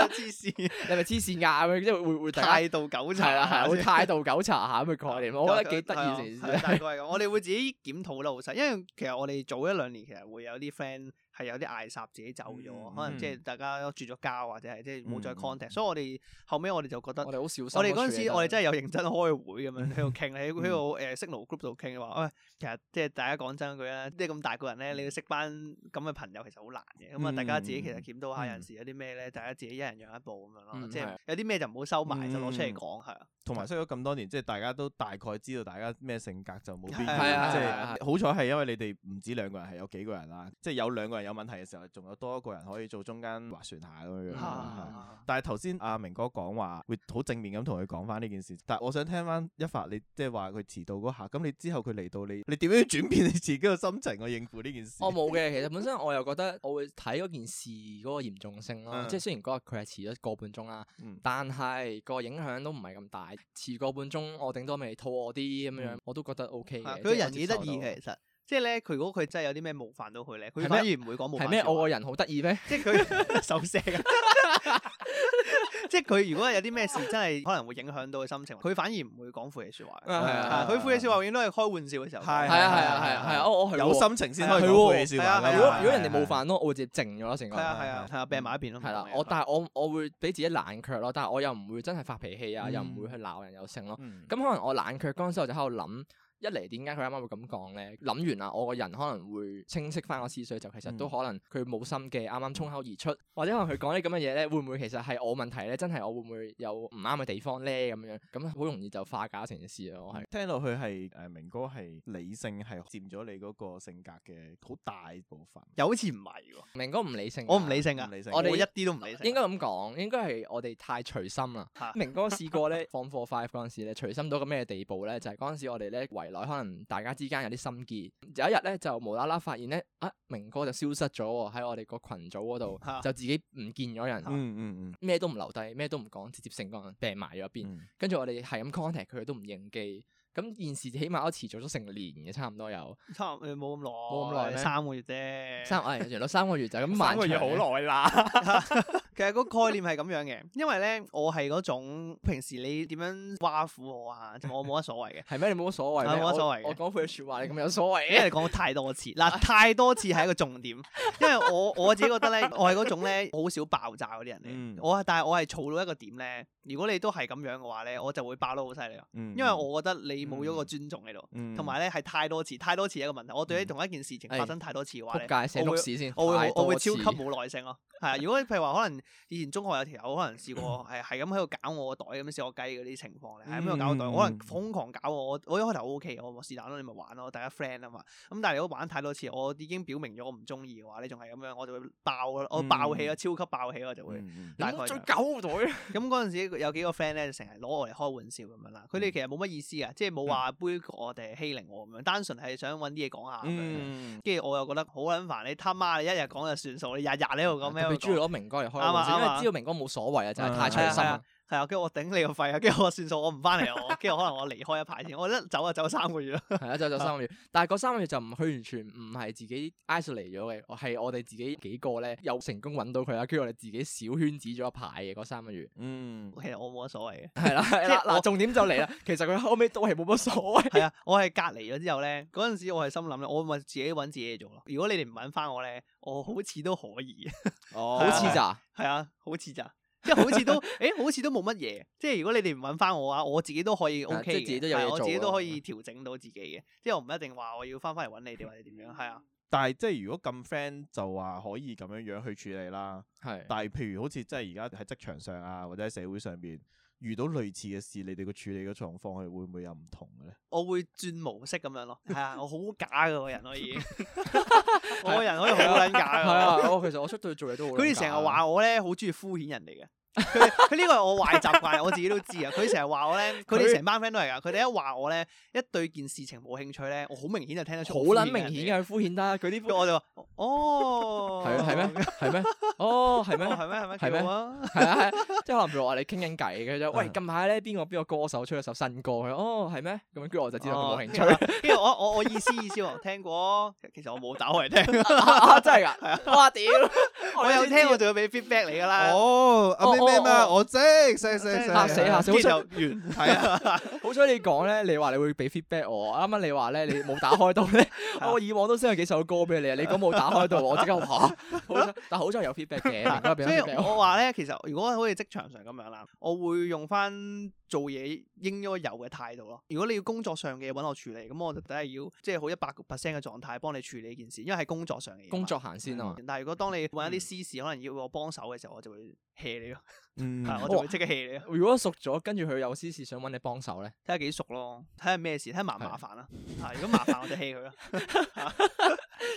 黐線， 你咪「黐線」啊？咁即係會會態度糾察。係啦係啦，會態度糾察下。咁嘅概念， 我覺得幾得意。係大概係咁，我哋會自己檢討得好細，因為其實我哋早一兩年其實會有啲 friend。係有啲嗌霎，自己走咗，可能即係大家絕咗交，或者係即係冇再 contact。所以我哋後尾，我哋就覺得我哋好小心。我哋嗰陣時，我哋真係有認真開會咁樣喺度傾，喺 s 喺個誒 Signal group 度傾話。其實即係大家講真句啦，即係咁大個人咧，你要識班咁嘅朋友其實好難嘅。咁啊，大家自己其實檢討下人事有啲咩咧，大家自己一人讓一步咁樣咯。即係有啲咩就唔好收埋，就攞出嚟講係啊。同埋識咗咁多年，即係大家都大概知道大家咩性格，就冇啊，即係好彩係因為你哋唔止兩個人，係有幾個人啊。即係有兩個人。有問題嘅時候，仲有多一個人可以做中間斡旋下咁樣、啊、但係頭先阿明哥講話，會好正面咁同佢講翻呢件事。但係我想聽翻一發你，你即係話佢遲到嗰下，咁你之後佢嚟到你，你點樣轉變你自己嘅心情去、啊、應付呢件事？我冇嘅， 其實本身我又覺得，我會睇嗰件事嗰個嚴重性咯。啊、即係雖然嗰日佢係遲咗個半鐘啦，嗯、但係個影響都唔係咁大。遲個半鐘，我頂多咪肚餓啲咁樣，我都覺得 O K 嘅。佢是人幾得意其實。即係咧，佢如果佢真係有啲咩冒犯到佢咧，佢反而唔會講冒犯。係咩？我個人好得意咩？即係佢收聲。即係佢如果有啲咩事，真係可能會影響到佢心情，佢反而唔會講負氣說話。係啊，佢負氣說話永遠都係開玩笑嘅時候。係啊係啊係啊係啊，我有心情先去講負氣說話啊，如果如果人哋冒犯咯，我會直接靜咗咯，成個係啊係啊，係啊，避埋一邊咯。係啦，我但係我我會俾自己冷卻咯，但係我又唔會真係發脾氣啊，又唔會去鬧人有性咯。咁可能我冷卻嗰陣時，我就喺度諗。一嚟點解佢啱啱會咁講咧？諗完啦，我個人可能會清晰翻個思緒，就其實都可能佢冇心嘅啱啱衝口而出，或者可能佢講啲咁嘅嘢咧，會唔會其實係我問題咧？真係我會唔會有唔啱嘅地方咧？咁樣咁好容易就化解成件事咯。我係聽落去係誒、呃、明哥係理性係佔咗你嗰個性格嘅好大部分，有好似唔係喎，明哥唔理，理，理性，我唔們理性噶，我哋一啲都唔理性。應該咁講，應該係我哋太隨心啦。啊、明哥試過咧 Form four five 嗰時咧，隨心到個咩地步咧？就係嗰陣時我哋咧為來可能大家之間有啲心結，有一日咧就無啦啦發現咧啊，明哥就消失咗喺我哋個群組嗰度， 就自己唔見咗人，咩 都唔留低，咩都唔講，直接成個人病埋咗邊，跟住 我哋係咁 contact 佢都唔應記。咁現時起碼我持續咗成年嘅，差唔多有。差誒冇咁耐，冇咁耐三個月啫。三誒原來三個月就咁，三個月好耐啦。 其實個概念係咁樣嘅，因為咧我係嗰種平時你點樣挖苦我啊， 我冇乜所謂嘅。係咩？你冇乜所謂咩？冇乜所謂。我講句説話， 你咁有所謂？因為你講太多次，嗱，太多次係一個重點，因為我我自己覺得咧，我係嗰種咧好少爆炸嗰啲人嚟。 我但係我係儲到一個點咧，如果你都係咁樣嘅話咧，我就會爆得好犀利，因為我覺得你。冇咗個尊重喺度，同埋咧係太多次，太多次一個問題。我對啲同一件事情發生太多次嘅話，你我會我會我會超級冇耐性咯。係啊，如果譬如話可能以前中學有條友可能試過係係咁喺度搞我個袋咁，小學雞嗰啲情況，係咁度搞我袋？可能瘋狂搞我，我一開頭 OK，我是但咯，你咪玩咯，大家 friend 啊嘛。咁但係如果玩太多次，我已經表明咗我唔中意嘅話，你仲係咁樣，我就會爆，我爆氣啊，超級爆氣咯，就會。你最搞個袋。咁嗰陣時有幾個 friend 咧，就成日攞我嚟開玩笑咁樣啦。佢哋其實冇乜意思啊，即係。冇話杯葛我哋欺凌我咁樣，單純係想揾啲嘢講下。跟住、嗯、我又覺得好撚煩你，你他媽，你一日講就算數，你日日喺度咁樣。你中意攞明哥嚟開玩笑，因為知道明哥冇所謂吧啊，真係太粗心。係啊，跟住我頂你個肺啊！跟住我算數我，我唔翻嚟，我，跟住可能我離開一排先，我一走就走三個月咯。係啊、嗯，走走三個月，但係嗰三個月就唔佢完全唔係自己 isolate 咗嘅，我係我哋自己幾個咧又成功揾到佢啦。跟住我哋自己小圈子咗一排嘅嗰三個月。嗯，其實我冇乜所謂嘅。係啦，係啦，嗱，重點就嚟啦。其實佢後尾都係冇乜所謂。係 啊，我係隔離咗之後咧，嗰陣時我係心諗我咪自己揾自己做咯。如果你哋唔揾翻我咧，我好似都可以。哦，好似咋？係 啊，好似咋？ 即係好似都，誒，好似都冇乜嘢。即係如果你哋唔揾翻我啊，我自己都可以、嗯、O、okay、K 的即係自己都有嘢做，我自己都可以調整到自己嘅。嗯、即係我唔一定話我要翻返嚟揾你哋、嗯、或者點樣，係啊。但係即係如果咁 friend 就話可以咁樣樣去處理啦。的但係譬如好似即係而家喺職場上啊，或者喺社會上邊。遇到類似嘅事，你哋個處理嘅狀況係會唔會有唔同嘅咧？我會轉模式咁樣咯，係 啊，我好假㗎個人可以， 我個人可以好撚假嘅。係啊， 我其實我出到去做嘢都會。佢哋成日話我咧，好中意敷衍人哋嘅。佢佢呢個係我壞習慣，我自己都知啊！佢成日話我咧，佢哋成班 friend 都係噶，佢哋一話我咧，一對件事情冇興趣咧，我好明顯就聽得出，好撚明顯嘅，去敷衍得，佢啲我就話，哦，係咩、啊？係咩？ 哦，係咩？係咩、哦？係咩？係、哦、嗎啊，啊，即係可能譬如話你傾緊偈嘅啫，喂，近排咧邊個邊個歌手出咗首新歌？佢、啊：「哦，係咩？咁樣跟住我就知道佢冇興趣。跟住、啊、我我我，我意思意思喎，聽過，其實我冇打開嚟聽，真係噶，係啊，哇屌、 啊！我有聽，我仲要俾 feedback 你㗎啦，哦、啊。咩咩、哦哦哦， 我即，死死死，嚇死嚇死，好似有原題啊！好彩你講咧，你話 你會俾 feedback 我，啱啱你話咧，你冇打開到咧， 我以往都先有幾首歌俾你，啊。你講冇打開到，我即刻嚇、啊，好彩，但好彩有 feedback 嘅，俾一 f 所以我話咧，其實如果好似職場上咁樣啦，我會用翻。做嘢應該有嘅態度咯。如果你要工作上嘅嘢揾我處理，咁我就梗係要即係好一百個 percent 嘅狀態幫你處理件事，因為係工作上嘅嘢。工作行先啊！嗯、但係如果當你揾一啲私事，可能要我幫手嘅時候，我就會 hea 你咯。 嗯，我仲會即刻棄你。如果熟咗，跟住佢有私事想揾你幫手咧，睇下幾熟咯，睇下咩事，睇下麻唔麻煩啦。啊，如果麻煩我就棄佢咯。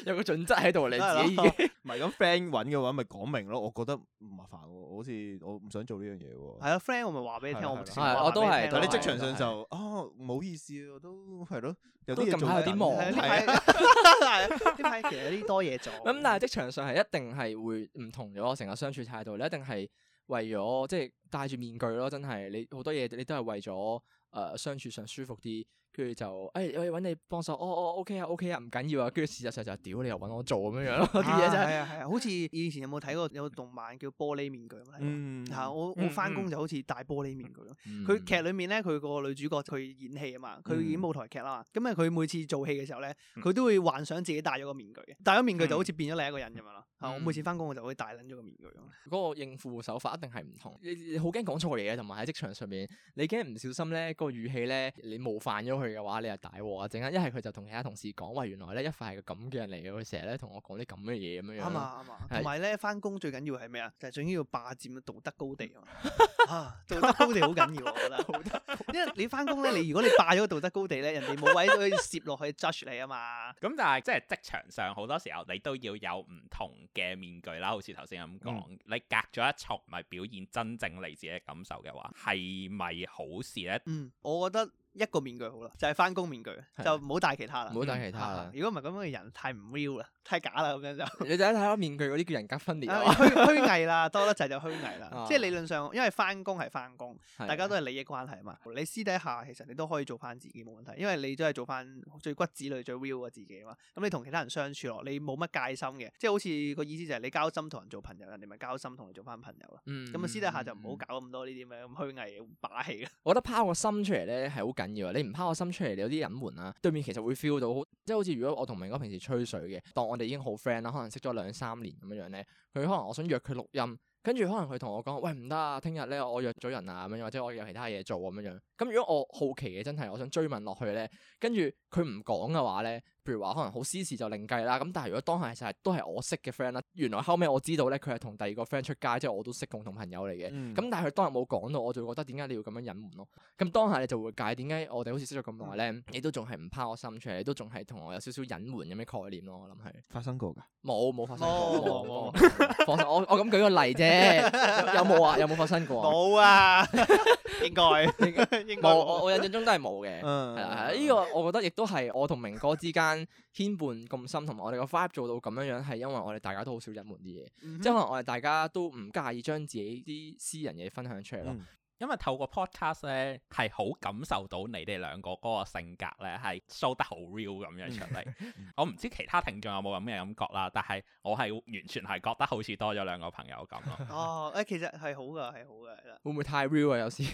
有個準則喺度，你自己已經唔係咁 friend 揾嘅話，咪講明咯。我覺得唔麻煩，好似我唔想做呢樣嘢。係啊，friend，我咪話俾你聽，我唔。係，我都係。但係你職場上就啊，唔好意思，我都係咯，有啲嘢做，有啲忙，係，呢排其實有啲多嘢做。咁但係職場上係一定係會唔同咗，我成日相處態度你一定係。為咗即係戴住面具咯，真係你好多嘢，你都係為咗誒、呃、相處上舒服啲。跟住就誒，我要揾你幫手，我、哦、我、哦、OK 啊，OK 啊，唔緊要啊。跟住事實上就屌你又揾我做咁樣樣咯，啲嘢真係啊係啊，啊啊 好似以前有冇睇過有個動漫叫玻璃面具咁、嗯、啊？吓我我翻工就好似戴玻璃面具咯。佢、嗯、劇裏面咧，佢個女主角佢演戲啊嘛，佢演舞台劇啦。咁啊佢每次做戲嘅時候咧，佢都會幻想自己戴咗個面具嘅，戴咗面具就好似變咗另一個人咁樣咯。吓、嗯啊、我每次翻工、嗯嗯啊、我就會戴捻咗個面具咁。嗰個應付手法一定係唔同，你你好驚講錯嘢，同埋喺職場上面你驚唔小心咧、嗰個語氣咧你冒犯咗。去嘅話你就大鑊啊！陣間一係佢就同其他同事講，喂，原來咧一發係個咁嘅人嚟嘅，佢成日咧同我講啲咁嘅嘢咁樣樣。啊、嗯，啱、嗯、啊。同埋咧，翻工最緊要係咩啊？就係、是、仲要霸占道德高地 啊！道德高地好緊要， 我覺得。因為你翻工咧，你 如果你霸咗道德高地咧，人哋冇位去攝落去 judge 你啊嘛。咁但係即係職場上好多時候，你都要有唔同嘅面具啦。好似頭先咁講，你隔咗一層咪表現真正你自己嘅感受嘅話，係咪好事咧？我覺得。一個面具好啦，就係翻工面具，的就唔好戴其他啦，唔好戴其他啦。如果唔係咁樣嘅人，太唔 real 啦。太假啦咁樣就，你就睇下面具嗰啲叫人格分裂，虛 虛偽啦，多得滯就虛偽啦。哦、即係理論上，因為翻工係翻工，是的 大家都係利益關係嘛。你私底下其實你都可以做翻自己冇問題，因為你都係做翻最骨子裏、最 real 嘅自己嘛。咁你同其他人相處落，你冇乜戒心嘅，即係好似個意思就係你交心同人做朋友，人哋咪交心同你做翻朋友啊。咁啊、嗯、私底下就唔好搞咁多呢啲咩咁虛偽嗯嗯把戲氣，我覺得拋個心出嚟咧係好緊要啊！你唔拋個心出嚟，你有啲隱瞞啦，對面其實會 feel 到，即係好似如果我同明哥平時吹水嘅，當我。你已經好 friend 啦，可能識咗兩三年咁樣樣咧，佢可能我想約佢錄音，跟住可能佢同我講：喂，唔得啊，聽日咧我約咗人啊，咁樣或者我有其他嘢做咁樣樣。咁如果我好奇嘅真係，我想追問落去咧，跟住佢唔講嘅話咧。譬如話可能好私事就另計啦，咁但係如果當下其實係都係我識嘅 friend 啦，原來後尾我知道咧佢係同第二個 friend 出街，即係我都識共同朋友嚟嘅。咁、嗯、但係佢當日冇講到，我就覺得，點解你要咁樣隱瞞咯？咁當下你就會解點解我哋好似識咗咁耐咧，你都仲係唔拋我心出嚟，你都仲係同我有少少隱瞞，有咩概念咯？我諗係發生過噶，冇冇發生過，我我咁舉個例啫，有冇啊？有冇發生過冇有啊， 應該該，冇 我我印象中都係冇嘅，係啊、嗯，呢、這個我覺得亦都係我同明哥之間。牽絆咁深，同埋我哋個 vibe 做到咁樣樣，係因為我哋大家都好少隱瞞啲嘢，mm hmm. 即係可能我哋大家都唔介意將自己啲私人嘢分享出嚟咯。Mm hmm. 因為透過 podcast 咧，係好感受到你哋兩個嗰個性格咧，係 show 得好 real 咁樣出嚟。 我唔知其他聽眾有冇咁嘅感覺啦，但係我係完全係覺得好似多咗兩個朋友咁咯。哦，誒、欸，其實係好噶，係好噶，會唔會太 real 啊？有時唔、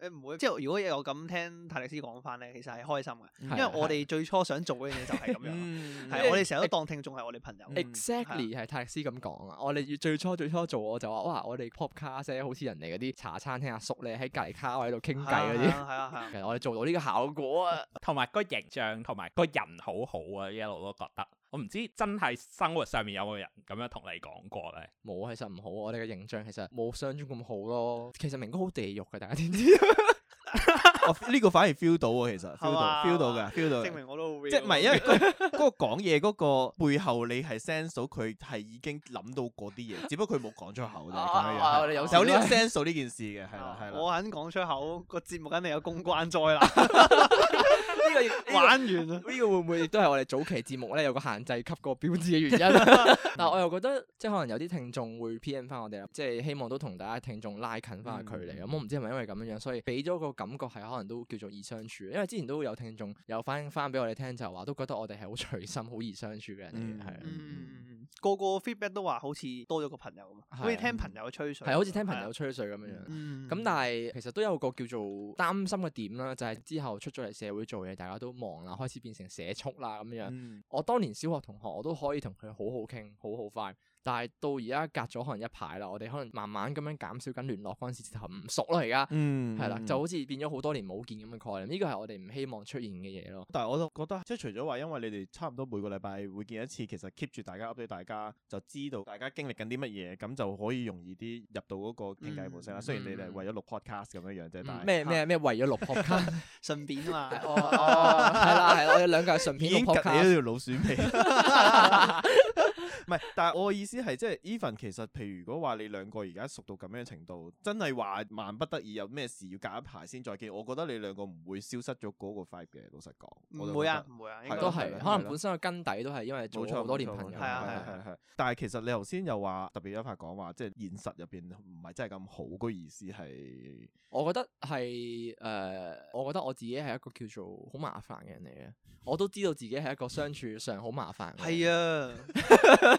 欸、會， 即係如果我咁聽泰力斯講翻咧，其實係開心嘅，因為我哋最初想做嗰樣嘢就係咁樣，係我哋成日都當聽眾係我哋朋友。Exactly 係泰、嗯、力斯咁講啊！我哋最初最初做我就話，哇！我哋 podcast 好似人哋嗰啲茶餐廳阿叔咧。.喺隔籬卡位度傾偈嗰啲，啊啊啊、 其實我哋做到呢個效果啊，同埋個形象同埋個人好好啊，一路都覺得。我唔知真係生活上面有冇人咁樣同你講過咧？冇，其實唔好，我哋嘅形象其實冇想象中咁好咯。其實明哥好地獄嘅，大家知唔知？ 呢個反而 feel 到啊，其實 feel 到，feel 到嘅，feel 到，證明我都會即係唔係因為嗰嗰個講嘢嗰個背後，你係 sense 到佢係已經諗到嗰啲嘢，只不過佢冇講出口啫。咁樣有呢 sense 到呢件事嘅，係啦，係啦。我肯講出口，個節目肯定有公關災啦。呢、這個、這個、玩完啦，呢個會唔會亦都係我哋早期節目咧有個限制級個標誌嘅原因？ 但我又覺得，即係可能有啲聽眾會 P M 翻我哋啦，即係希望都同大家聽眾拉近翻個距離。咁、嗯、我唔知係咪因為咁樣，所以俾咗個感覺係可能都叫做易相處。因為之前都有聽眾有反映翻俾我哋聽，就話都覺得我哋係好隨心、好易相處嘅人嚟嘅。係、嗯、啊，個個 feedback 都話好似多咗個朋友咁、啊、好似聽朋友吹水，係好似聽朋友吹水咁樣樣。咁但係其實都有個叫做擔心嘅點啦，就係、是、之後出咗嚟社會做嘢。大家都忙啦，開始變成社畜啦咁樣，嗯、我當年小學同學我都可以同佢好好傾好好快。但係到而家隔咗可能一排啦，我哋可能慢慢咁樣減少緊聯絡，嗰陣時就唔熟咯。而家，嗯，係啦，就好似變咗好多年冇見咁嘅概念，呢個係我哋唔希望出現嘅嘢咯。但係我都覺得，即係除咗話，因為你哋差唔多每個禮拜會見一次，其實 keep 住大家 update 大家就知道大家經歷緊啲乜嘢，咁就可以容易啲入到嗰個傾偈模式啦。雖然你哋為咗錄 podcast 咁樣樣啫，但係咩咩咩為咗錄 podcast，順便啊嘛，哦哦，係啦係我有兩架順便錄 podcast，你都要老鼠尾。唔係，但係我意思係，即係 even 其實，譬如，如果話你兩個而家熟到咁樣程度，真係話萬不得已有咩事要隔一排先再見，我覺得你兩個唔會消失咗嗰個快嘅。老實講，唔會啊，唔會啊，應該係，可能本身個根底都係因為做咗好多年朋友。係啊係啊係。但係其實你頭先又話特別一排講話，即係現實入邊唔係真係咁好個意思係。我覺得係誒，我覺得我自己係一個叫做好麻煩嘅人嚟嘅。我都知道自己係一個相處上好麻煩。係啊。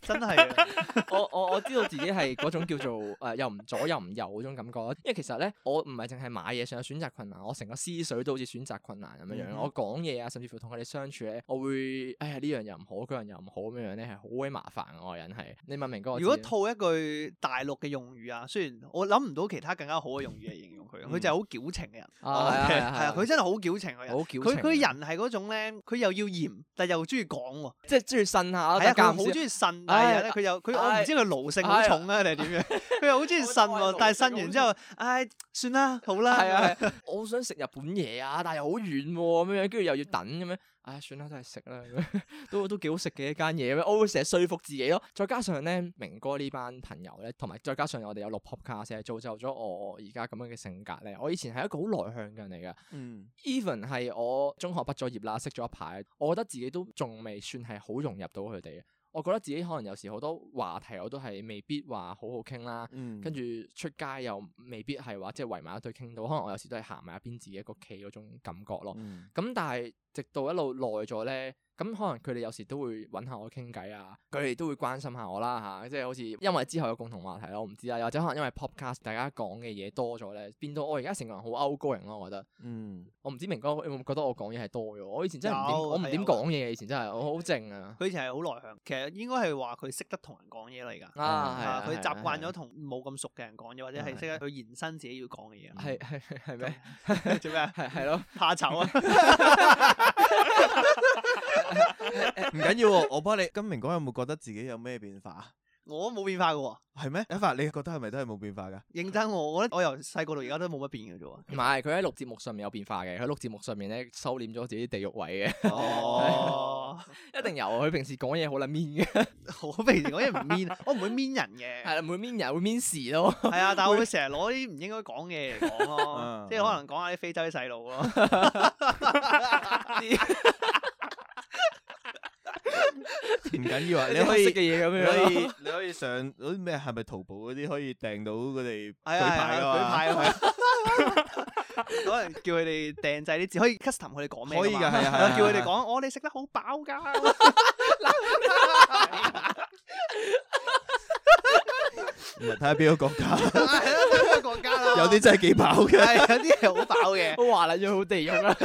真係 我我我知道自己係嗰種叫做誒、呃、又唔左又唔右嗰種感覺，因為其實咧我唔係淨係買嘢上有選擇困難，我成個思緒都好似選擇困難咁樣樣。嗯、我講嘢啊，甚至乎同佢哋相處咧，我會哎呀呢樣、這個、又唔好，嗰、這、樣、個、又唔好咁樣樣咧，係好鬼麻煩嘅我個人係。你問明哥，如果套一句大陸嘅用語啊，雖然我諗唔到其他更加好嘅用語嚟、啊、形容佢，佢、嗯、就係好矯情嘅人。係啊係啊，佢真係好矯情嘅人。好矯情。佢人係嗰種咧，佢又要嚴，但係又中意講， 即係中意呻下。係啊，佢好中意呻。哎呀，啊、哎呀，佢又佢、哎、呀我唔知佢勞性好重啊，定係點樣？佢又好中意呻，哎、呀但係呻完之後，唉、哎呀，算啦，好啦。係係，我好想食日本嘢啊，但係又好遠喎，咁樣，跟住又要等咁樣，唉、哎，算啦，都係食啦，都都幾好食嘅一間嘢。我會成日說服自己咯，再加上咧明哥呢班朋友咧，同埋再加上我哋有六 pop 咖，成日造就咗我而家咁樣嘅性格咧。我以前係一個好內向嘅人嚟嘅，even 係我中學畢咗業啦，識咗一排，我覺得自己都仲未算係好融入到佢哋。我覺得自己可能有時好多話題我都係未必話好好傾啦，跟住、嗯、出街又未必係話即係圍埋一堆傾到，可能我有時都係行埋一邊自己一個企嗰種感覺咯。咁、嗯、但係直到一路耐咗咧。咁可能佢哋有時都會揾下我傾偈啊，佢哋都會關心下我啦嚇、啊，即係好似因為之後有共同話題咯，我唔知啊，又或者可能因為 podcast 大家講嘅嘢多咗咧，變到我而家成個人好 outgoing 咯，我覺得，嗯，我唔知明哥有冇覺得我講嘢係多咗，我以前真係唔我唔點講嘢，的以前真係我好靜啊，佢以前係好內向，其實應該係話佢識得同人講嘢嚟噶，啊，係，佢、啊啊、習慣咗同冇咁熟嘅人講嘢，或者係識得去延伸自己要講嘅嘢，係係係咩？做咩麼是的 醜啊？係係咯，怕醜啊！唔緊要，我幫你。金明哥有冇覺得自己有咩變化啊？我冇變化嘅。係咩？一發，你覺得係咪都係冇變化噶？認真，我，我由細個到而家都冇乜變嘅啫。唔係，佢喺錄節目上面有變化嘅。佢喺錄節目上面咧收斂咗自己地獄位嘅。哦，一定有。佢平時講嘢好撚 mean 嘅。我平時講嘢唔 mean，我唔會 mean 人嘅。係啦，唔會 mean 人，會 mean 事咯。係啊，但係我會成日攞啲唔應該講嘅嚟講咯，即係可能講下啲非洲啲細路咯。唔緊要啊，你可以食嘅嘢咁樣，可以你可以上嗰啲咩？係咪淘寶嗰啲可以訂到佢哋？係啊，舉牌噶嘛，可能叫佢哋訂製啲，只可以 custom 佢哋講咩？可以噶，係啊，係啊，叫佢哋講我哋食得好飽噶，唔係睇下邊個國家啦，係啊，邊個國家啦？有啲真係幾飽嘅，係啊，有啲係好飽嘅，我話你要好好地咁啦。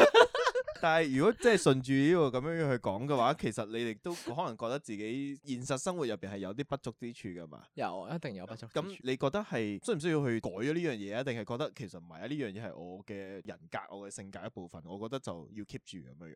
但係如果即係順住呢個咁樣樣去講嘅話，其實你哋都可能覺得自己現實生活入邊係有啲不足之處噶嘛？有，一定有不足。咁你覺得係需唔需要去改咗呢樣嘢啊？定係覺得其實唔係啊？呢樣嘢係我嘅人格、我嘅性格一部分，我覺得就要 keep 住咁樣樣。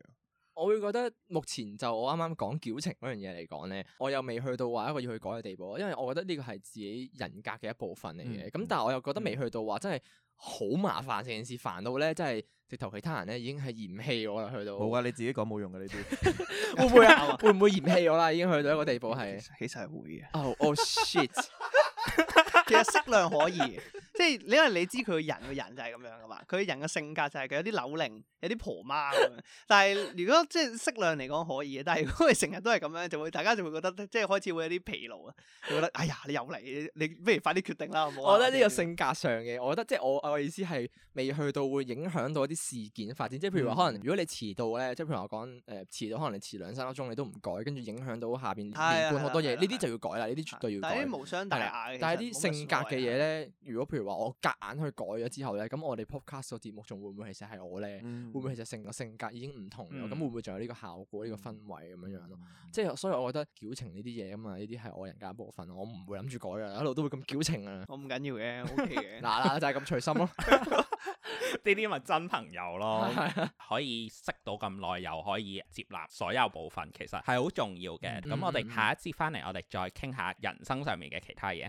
我會覺得目前就我啱啱講矯情嗰樣嘢嚟講咧，我又未去到話一個要去改嘅地步，因為我覺得呢個係自己人格嘅一部分嚟嘅。咁、嗯、但係我又覺得未去到話真係好麻煩，成件事煩到咧，真係。直頭其他人咧，已經係嫌棄我啦，去到冇啊！你自己講冇用嘅呢啲， 會唔會啊？ 會唔會嫌棄我啦？已經去到一個地步係，其實係會嘅。Oh, oh shit！ 其實適量可以，即係你因為你知佢個人個人就係咁樣噶嘛，佢個人嘅性格就係佢有啲扭擰，有啲婆媽咁樣。但係如果即係適量嚟講可以嘅，但係如果佢成日都係咁樣，就會大家就會覺得即係開始會有啲疲勞啊，就覺得哎呀你又嚟，你不如快啲決定啦，好唔好？我覺得呢個性格上嘅，我覺得即係我我意思係未去到會影響到一啲事件發展，即係譬如話可能如果你遲到咧，嗯、即係譬如我講誒、呃、遲到，可能你遲兩三粒鐘你都唔改，跟住影響到下邊連貫好多嘢，呢啲就要改啦，呢啲絕對要改。無傷大雅嘅，但係啲性性格嘅嘢咧，如果譬如話我夾硬去改咗之後咧，咁我哋 podcast 個節目仲會唔會其實係我咧？嗯、會唔會其實成個性格已經唔同咗？咁、嗯、會唔會仲有呢個效果、呢、呢個氛圍咁樣樣咯？即係、嗯就是、所以我覺得矯情呢啲嘢啊嘛，呢啲係我人格部分，我唔會諗住改啊，一路都會咁矯情啊。我唔緊要嘅，OK 嘅。嗱嗱，就係咁隨心咯。呢啲咪真朋友咯， 可以識到咁耐，又可以接納所有部分，其實係好重要嘅。咁我哋下一節翻嚟，我哋再傾下人生上面嘅其他嘢。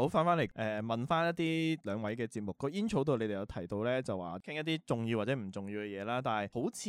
好，翻返嚟，誒、呃、問返一啲兩位嘅節目。個煙草度你哋有提到咧，就話傾一啲重要或者唔重要嘅嘢啦。但係好似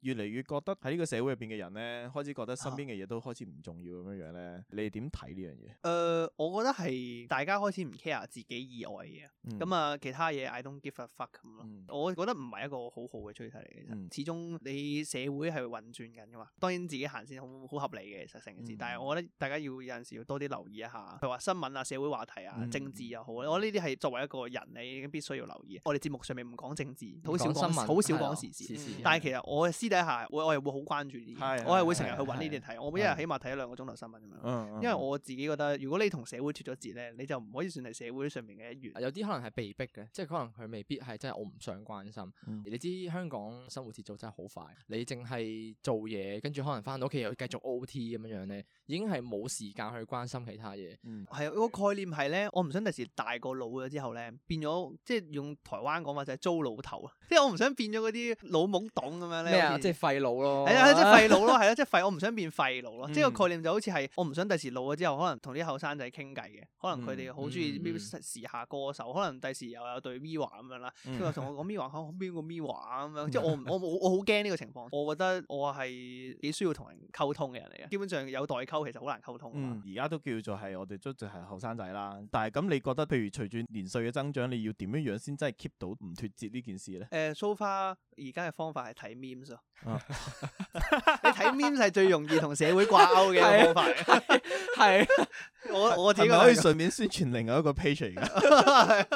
越嚟越覺得喺呢個社會入邊嘅人咧，開始覺得身邊嘅嘢都開始唔重要咁樣樣咧。啊、你哋點睇呢樣嘢？誒、呃，我覺得係大家開始唔 care 自己以外嘅嘢咁、嗯、啊其他嘢 I don't give a fuck 咁咯、嗯。我覺得唔係一個好好嘅趨勢嚟嘅，嗯、始終你社會係運轉緊噶嘛。當然自己行先好好合理嘅實成件事，嗯、但係我覺得大家要有陣時要多啲留意一下，譬如話新聞啊、社會話題。政治又好咧，我呢啲係作為一個人，你已經必須要留意。我哋節目上面唔講政治，好少講新聞，好少講時事。嗯、但係其實我私底下，我我又會好關注呢啲。嗯、我係會成日去搵呢啲睇。嗯、我每日起碼睇一兩個鐘頭新聞咁樣。嗯嗯、因為我自己覺得，如果你同社會脫咗節咧，你就唔可以算係社會上面嘅一員。有啲可能係被逼嘅，即係可能佢未必係真係我唔想關心。嗯、你知香港生活節奏真係好快，你淨係做嘢，跟住可能翻到屋企又繼續 O T 咁樣樣咧，已經係冇時間去關心其他嘢。係啊、嗯，個概念係咧。我唔想第時大個老咗之後咧，變咗即係用台灣講話就係、是、糟老頭啊！即係我唔想變咗嗰啲老懵懂咁樣咧。即係廢老咯，係啊！ 即係廢老咯，即係廢，我唔想變廢老咯。即係個概念就好似係、嗯、我唔想第時老咗之後，可能同啲後生仔傾偈嘅，可能佢哋好中意咩時下歌手，嗯嗯、可能第時又有對 Mirror 咁樣啦，同我講 Mirror 講邊個 Mirror 咁樣。即係、嗯、我 ror,、嗯、我我好驚呢個情況， 我覺得我係幾需要同人溝通嘅人嚟嘅。基本上有代溝其實好難溝通。而家、嗯、都叫做係我哋都就係後生仔啦。但係咁，你覺得譬如隨住年歲嘅增長，你要點樣樣先真係 keep 到唔脫節呢件事咧？誒、呃，So far 而家嘅方法係睇 memes 啊， 你睇 memes 係最容易同社會掛鈎嘅，係。我我自己可以順便宣傳另外一個 page 㗎，呢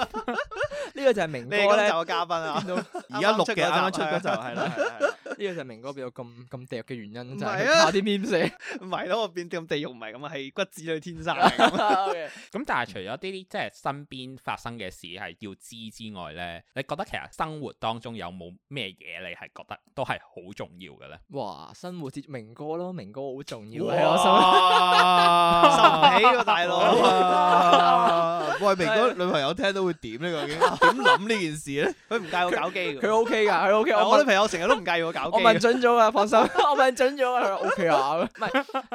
個就係明哥咧做嘉賓啊！而家錄嘅嗰集出嗰集係啦，呢個就係明哥變到咁咁地獄嘅原因，就係怕啲黏死，唔係咯，變到咁地獄，唔係咁啊，係骨子裏天生啊！咁但係除咗啲即係身邊發生嘅事係要知之外咧，你覺得其實生活當中有冇咩嘢你係覺得都係好重要嘅咧？哇！生活接明哥咯，明哥好重要喺我心，大佬啊！喂明哥女朋友聽到會點呢？究竟點諗呢件事咧？佢唔 介意我搞基嘅？佢 OK 噶，佢 OK。我啲 朋友成日都唔介意我搞基。 我問準咗啊，放心， 我問準咗啊，佢 OK 啊。唔係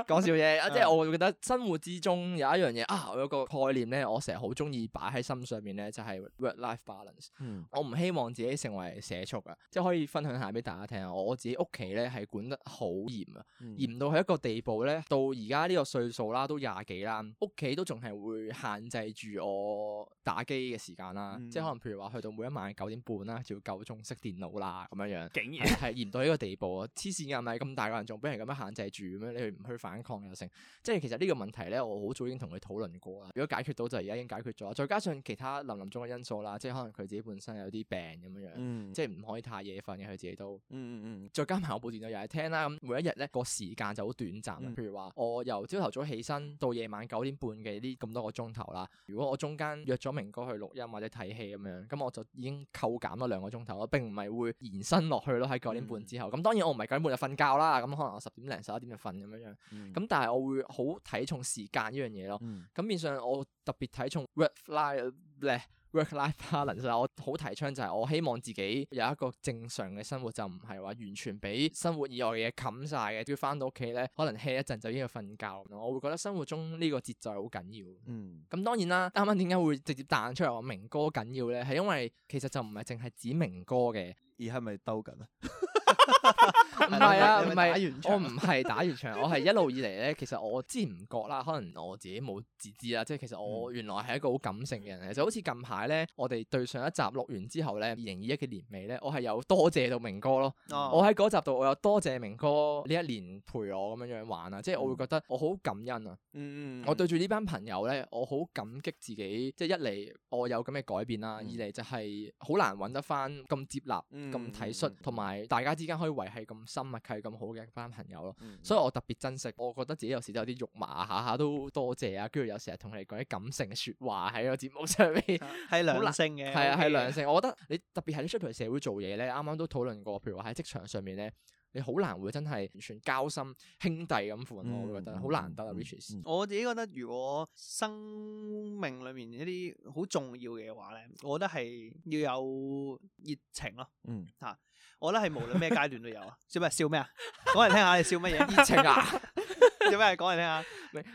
講笑嘢， 即係我會覺得生活之中有一樣嘢啊！我有個概念咧，我成日好中意擺喺心上面咧，就係、是、work-life balance。嗯、我唔希望自己成為社畜啊！即係可以分享下俾大家聽啊！我自己屋企咧係管得好嚴啊，嗯、嚴到係一個地步咧，到而家呢個歲數啦，都廿幾啦。屋企都仲係會限制住我打機嘅時間啦，嗯、即係可能譬如話去到每一晚九點半啦、啊，就要夠鐘熄電腦啦咁樣樣，竟然係嚴 到呢個地步啊！黐線嘅，咪咁大個人，仲俾人咁樣限制住咩？你去唔去反抗又、啊、成？即係其實呢個問題咧，我好早已經同佢討論過啦。如果解決到就而家已經解決咗，再加上其他林林中嘅因素啦，即係可能佢自己本身有啲病咁樣，嗯、即係唔可以太夜瞓嘅佢自己都，嗯嗯嗯，再加埋我部電腦又係聽啦，咁每一日咧個時間就好短暫。嗯、譬如話，我由朝頭早起身到夜晚。九點半嘅呢咁多個鐘頭啦，如果我中間約咗明哥去錄音或者睇戲咁樣，咁我就已經扣減咗兩個鐘頭，我並唔係會延伸落去咯喺九點半之後。咁、嗯、當然我唔係九點半就瞓覺啦，咁可能我十點零十一點就瞓咁樣樣。咁、嗯、但係我會好睇重時間呢樣嘢咯。咁、嗯、變相我特別睇重 Red Fly 咧。work-life balance 我好提倡就係我希望自己有一個正常嘅生活，就唔係話完全俾生活以外嘅嘢冚晒嘅，都要翻到屋企咧，可能 hea 一陣就應該瞓覺。我會覺得生活中呢個節奏好緊要。嗯，咁當然啦，啱啱點解會直接彈出嚟我明哥緊要咧？係因為其實就唔係淨係指明哥嘅，而係咪兜緊啊？唔係啊，唔係我唔係打完場，我係 一路以嚟咧。其實我之前唔覺啦，可能我自己冇自知啦。即係其實我原來係一個好感性嘅人，就好似近排。我哋對上一集錄完之後咧，二零二一嘅年尾咧，我係有多謝到明哥咯。Oh. 我喺嗰集度，我有多謝明哥呢一年陪我咁樣樣玩啊，即係我會覺得我好感恩啊。嗯嗯、mm hmm.，我對住呢班朋友咧，我好感激自己，即係一嚟我有咁嘅改變啦、啊，mm hmm. 二嚟就係好難揾得翻咁接納、咁、mm hmm. 體恤，同埋大家之間可以維係咁深默契、咁好嘅一班朋友咯。Mm hmm. 所以我特別珍惜，我覺得自己有時都有啲肉麻下下都多謝啊，跟住有時又同你講啲感性嘅説話喺個節目上面。 係良性嘅，係啊難，係 Okay. 良性。我覺得你特別係你出嚟社會做嘢咧，啱啱都討論過。譬如話喺職場上面咧，你好難會真係完全交心兄弟咁款咯。我覺得好難得。Richie，嗯啊嗯、我自己覺得如果生命裏面一啲好重要嘅話咧，我覺得係要有熱情咯。嗯，嚇、啊，我覺得係無論咩階段都有啊。 笑咩？笑咩啊？講嚟聽下， 你笑乜嘢？熱情啊！ 有咩講嚟聽下？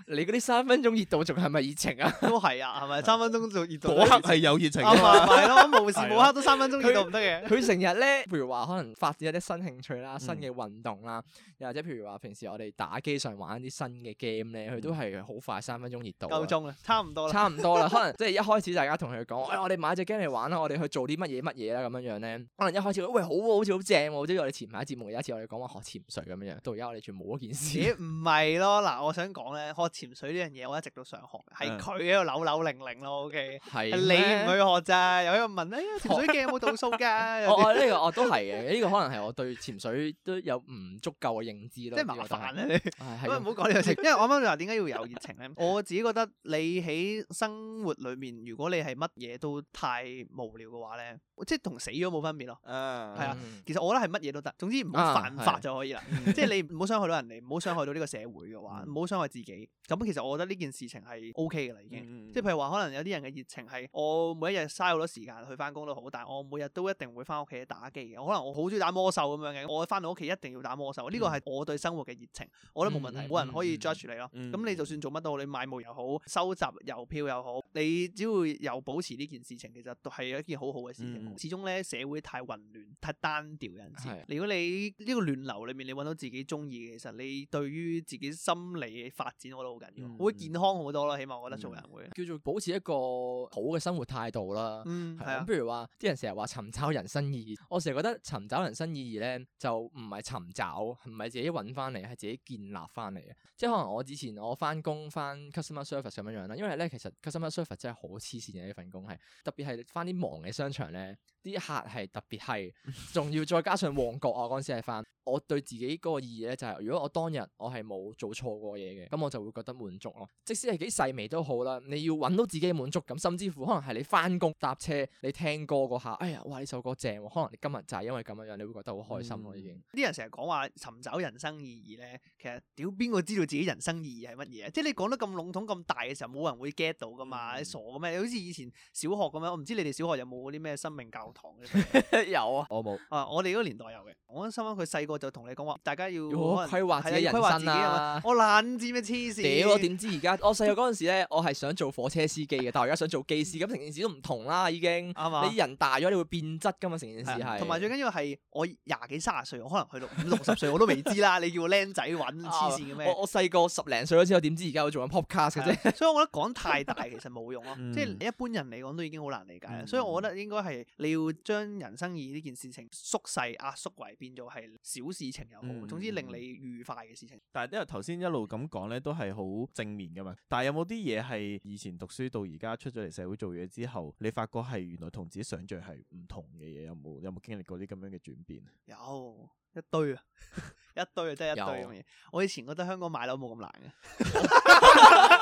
你嗰啲三分鐘熱度仲係咪熱情啊？都係啊，係咪三分鐘做熱度？嗰刻係有熱情啊嘛，係咯，無時無刻都三分鐘熱度唔得嘅。佢成日咧，譬如話可能發展一啲新興趣啦、新嘅運動啦，又或者譬如話平時我哋打機上玩一啲新嘅 game 咧，佢都係好快三分鐘熱度。夠鐘啦，差唔多啦，差唔多啦。可能即係一開始大家同佢講，喂，我哋買隻 game 嚟玩啦，我哋去做啲乜嘢乜嘢啦，咁樣樣咧。可能一開始喂，好，好似好正，即係我哋前排節目有一次我哋講話學潛水咁樣樣，到而家我哋仲冇嗰件事，唔係。咯嗱，我想講咧，學潛水呢樣嘢，我一直都想學，係佢喺度扭扭零零咯。O K，係你唔去學啫，又喺度問咧，潛水鏡有冇度數㗎？我呢個我都係嘅，呢個可能係我對潛水都有唔足夠嘅認知咯。即係麻煩咧，唔好講呢個情，因為我啱啱話點解要有熱情咧？我自己覺得你喺生活裏面，如果你係乜嘢都太無聊嘅話咧，即係同死咗冇分別咯。啊，係啊，其實我覺得係乜嘢都得，總之唔好犯法就可以啦。即係你唔好傷害到人哋，唔好傷害到呢個社會。嘅話，唔好傷害自己。咁其實我覺得呢件事情係 O K 嘅啦，已經。即係、嗯、譬如話，可能有啲人嘅熱情係我每一日嘥好多時間去翻工都好，但係我每日都一定會翻屋企打機嘅。可能我好中意打魔獸咁樣嘅，我翻到屋企一定要打魔獸。呢個係我對生活嘅熱情，我覺得冇問題，冇、嗯嗯、人可以 judge 你咯。咁、嗯嗯、你就算做乜都好，你買墓又好，收集郵票又好，你只要有保持呢件事情，其實都係一件好好嘅事情。嗯、始終咧，社會太混亂、太單調嘅人士，如果你呢個亂流裏面，你搵到自己中意嘅，其實你對於自己。心理嘅發展我覺得好緊要，嗯、會健康好多咯。起碼我覺得、嗯、做人會叫做保持一個好嘅生活態度啦。係啊，譬如話啲、嗯、人成日話尋找人生意義，我成日覺得尋找人生意義咧，就唔係尋找，唔係自己搵翻嚟，係自己建立翻嚟嘅。即係可能我之前我翻工翻 customer service 咁樣樣啦，因為咧其實 customer service 真係好黐線嘅呢份工係，特別係翻啲忙嘅商場咧，啲客係特別係，仲 要再加上旺角啊嗰陣時係翻。我對自己嗰個意義咧、就係，就係如果我當日我係冇做錯過嘢嘅，咁我就會覺得滿足咯。即使係幾細微都好啦，你要揾到自己嘅滿足感，甚至乎可能係你翻工搭車，你聽歌嗰下，哎呀，哇！呢首歌正，可能你今日就係因為咁樣樣，你會覺得好開心咯。已、嗯、經啲人成日講話尋找人生意義咧，其實屌邊個知道自己人生意義係乜嘢？即係你講得咁籠統咁大嘅時候，冇人會 get 到噶嘛，嗯、你傻咩？你好似以前小學咁樣，我唔知你哋小學有冇嗰啲咩生命教堂？ 有啊，我冇啊，我哋嗰年代有嘅。我諗翻佢細。我就同你講話，大家要規劃自己人生啦。我懶至咩黐線？屌，我點知而家我細個嗰陣時咧，我係想做火車司機嘅，但係而家想做機師，咁成件事都唔同啦，已經啱你人大咗，你會變質噶嘛？成件事係。同埋最緊要係我廿幾、卅歲，我可能去到五六十歲，我都未知啦。你叫僆仔搵黐線嘅咩？我我細個十零歲嗰時，我點知而家我做緊 podcast 嘅啫。所以我覺得講太大其實冇用咯，即係一般人嚟講都已經好難理解。所以我覺得應該係你要將人生意義呢件事情縮細、壓縮為變做係小事情又好，嗯、總之令你愉快嘅事情。但係因為頭先一路咁講咧，都係好正面㗎嘛。但係有冇啲嘢係以前讀書到而家出咗嚟社會做嘢之後，你發覺係原來同自己想像係唔同嘅嘢？有冇，有冇經歷過啲咁樣嘅轉變？有一堆啊，一堆啊，真係一堆咁嘢。我以前覺得香港買樓冇咁難嘅。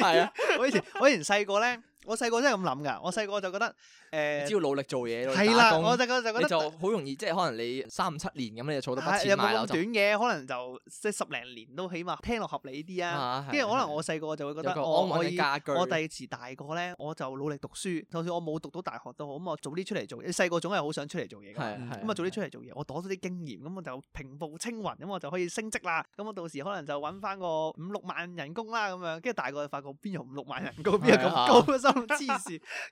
係啊 我，我以前我以前細個咧。我細個真係咁諗噶，我細個就覺得誒，欸、只要努力做嘢。係啦，我細個就覺得好容易，即係可能你三五七年咁你就儲到筆錢買樓就。短嘅可能就即係十零年都起碼聽落合理啲啊。跟住可能我細個就會覺得我可以，我第二次大時大個咧，我就努力讀書，就算我冇讀到大學都好，咁我早啲出嚟做。你細個總係好想出嚟做嘢㗎。咁啊、嗯、的早啲出嚟做嘢，我攞咗啲經驗，咁我就平步青雲，咁我就可以升職啦。咁我到時可能就揾翻個五六萬人工啦，咁樣。跟住大個就發覺邊有五六萬人工，邊有咁高的 黐線，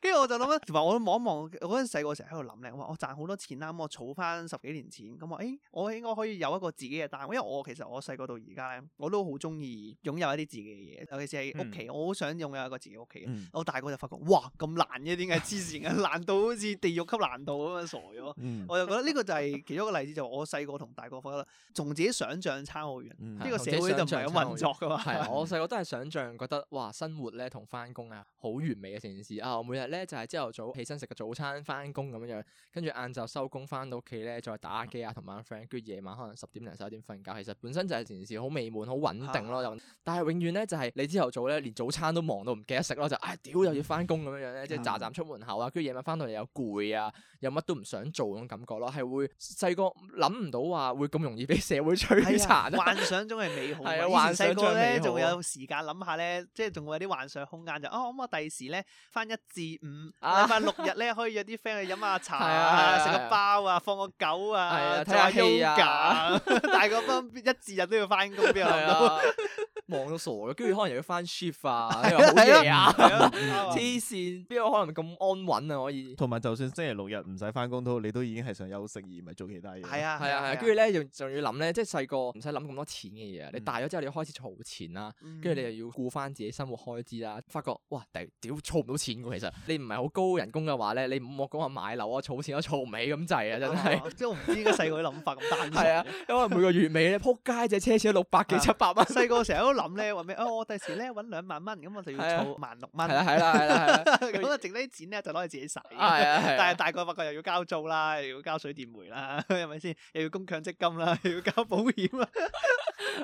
跟住 我就諗啦，同埋我都望一望，我嗰陣細個成日喺度諗咧，我話賺好多錢啦，咁我儲翻十幾年錢，咁話誒，我應該可以有一個自己嘅單位，因為我其實我細個到而家咧，我都好中意擁有一啲自己嘅嘢，尤其是係屋企，嗯、我好想擁有一個自己屋企。嗯、我大個就發覺，哇，咁難嘅，點解黐線嘅，難到好似地獄級難度咁樣傻咗。嗯、我就覺得呢個就係其中一個例子，就係、我細個同大個覺得，從自己想象差好遠，呢、嗯嗯、個社會就唔係咁運作噶嘛。係我細個都係想象覺得，哇，生活咧同翻工啊好完美。嘅成件事啊，每日咧就係朝頭早起身食個早餐，翻工咁樣，跟住晏晝收工翻到屋企咧，再打機啊，同班 friend，跟住夜晚可能十點零十一點瞓覺。其實本身就係成件事好美滿、好穩定咯，又、嗯，但係永遠咧就係你朝頭早咧連早餐都忙到唔記得食咯，就唉，屌、哎、又要翻工咁樣咧，即係站站出門口啊，跟住夜晚翻到嚟又攰啊，又乜都唔想做嗰感覺咯，係會細個諗唔到話會咁容易俾社會摧殘、嗯、 幻想中係美好啊，嗯、以前細個咧仲有時間諗下咧，即係仲會有啲幻想空間，就哦，咁我可第時咧？翻一至五，禮拜、啊、六日咧 可以約啲 friend 去飲下茶啊，食、啊、個包啊，啊放個狗啊，睇、啊、下 yoga、啊、 大個分別一至日都要翻工，邊 有咁多？ 忙到傻咯，跟住可能又要翻 shift 啊，好嘢啊！黐線，邊有可能咁安穩啊？可以。同埋就算星期六日唔使翻工，都你都已經係想休息而唔係做其他嘢。係啊，係啊，係。跟住咧，又仲要諗咧，即係細個唔使諗咁多錢嘅嘢，你大咗之後你要開始儲錢啦，跟住你又要顧翻自己生活開支啦，發覺哇，屌儲唔到錢喎，其實你唔係好高人工嘅話咧，你唔好講話買樓啊、儲錢都儲唔起咁滯啊，真係。即係我唔知依家細個啲諗法咁單純。係啊，因為每個月尾咧，撲街隻車錢六百幾七百蚊，細個成日都諗。諗咧揾咩？哦，我第時咧揾兩萬蚊，咁我就要儲萬六蚊。係啦，係啦咁啊，啊啊啊 剩低啲錢咧就攞去自己使。 但係大個發覺又要交租啦，又要交水電煤啦，係咪先？又要供強積金啦，又要交保險啊，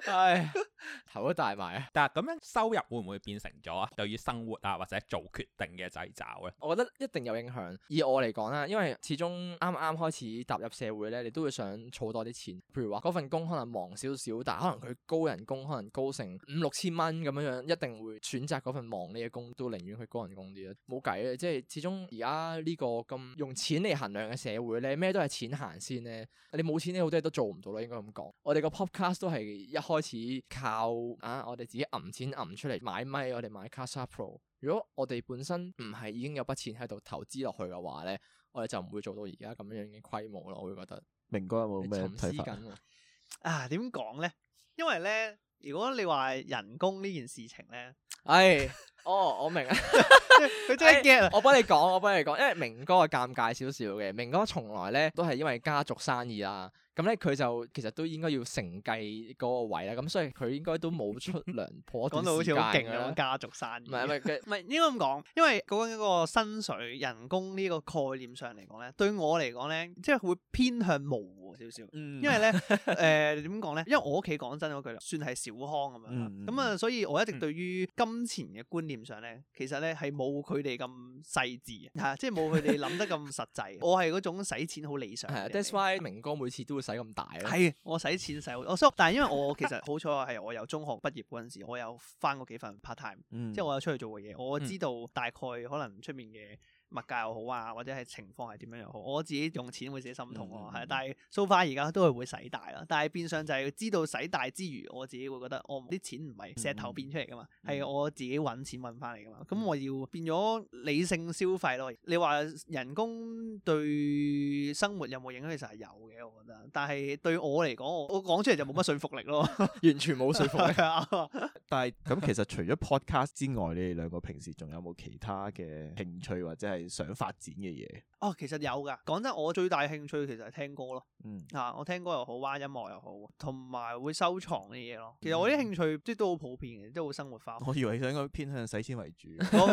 係、 哎。都大買啊！但係咁樣收入會唔會變成咗對於生活啊或者做決定嘅掣肘咧？我覺得一定有影響。以我嚟講啦，因為始終啱啱開始踏入社會咧，你都會想儲多啲錢。譬如話嗰份工可能忙少少，但係可能佢高人工，可能高成五六千蚊咁樣樣，一定會選擇嗰份忙呢嘅工，都寧願去高人工啲啦。冇計啦，即係始終而家呢個咁用錢嚟衡量嘅社會咧，咩都係錢行先咧。你冇錢咧，好多嘢都做唔到啦。應該咁講。我哋個 podcast 都係一開始靠。啊！我哋自己揞錢揞出嚟買咪，我哋買卡莎 Pro。如果我哋本身唔係已經有筆錢喺度投資落去嘅話咧，我哋就唔會做到而家咁樣嘅規模咯。我會覺得，明哥有冇咩睇法啊？點講咧？因為咧，如果你話人工呢件事情咧，唉、哎，哦，我明啊、 哎，佢真係 get、哎、 我幫你講，我幫你講，因為明哥係尷尬少少嘅，明哥從來咧都係因為家族生意啦。咁咧佢就其實都應該要承繼嗰個位啦，咁所以佢應該都冇出糧破一段時間，講到好似好勁咁家族生意。唔係唔係，唔係應該咁講，因為講緊一個薪水人工呢個概念上嚟講咧，對我嚟講咧，即係會偏向模糊少少。因為咧誒點講咧，因為我屋企講真嗰句啦，算係小康咁樣啦。咁啊，所以我一直對於金錢嘅觀念上咧，其實咧係冇佢哋咁細緻嘅，嚇，即係冇佢哋諗得咁實際。我係嗰種使錢好理想嘅。係，That's why 明哥每次都會。使咁大咯，係我使錢使好多，但係因為我其實好彩係我由中學畢業嗰陣時，我有返過幾份 part time，、嗯、即係我有出去做過嘢，我知道大概可能出面嘅。物價又好啊，或者係情況係點樣又好，我自己用錢會寫心痛咯。係、嗯，但係 so far 而家都係會使大咯。但係變相就係、是、知道使大之餘，我自己會覺得我啲錢唔係石頭變出嚟噶嘛，係、嗯、我自己揾錢揾返嚟噶嘛。咁、嗯、我要變咗理性消費咯。嗯、你話人工對生活有冇影響？其實係有嘅，我覺得。但係對我嚟講，我講出嚟就冇乜說服力咯。嗯、完全冇說服力 但係咁其實除咗 podcast 之外，你哋兩個平時仲有冇其他嘅興趣或者係？想發展嘅嘢哦，其實有噶。講真，我最大興趣其實係聽歌咯。嗯，我聽歌又好，玩音樂又好，同埋會收藏啲嘢咯。其實我啲興趣即都好普遍嘅，都好生活化。我以為你應該偏向使錢為主。當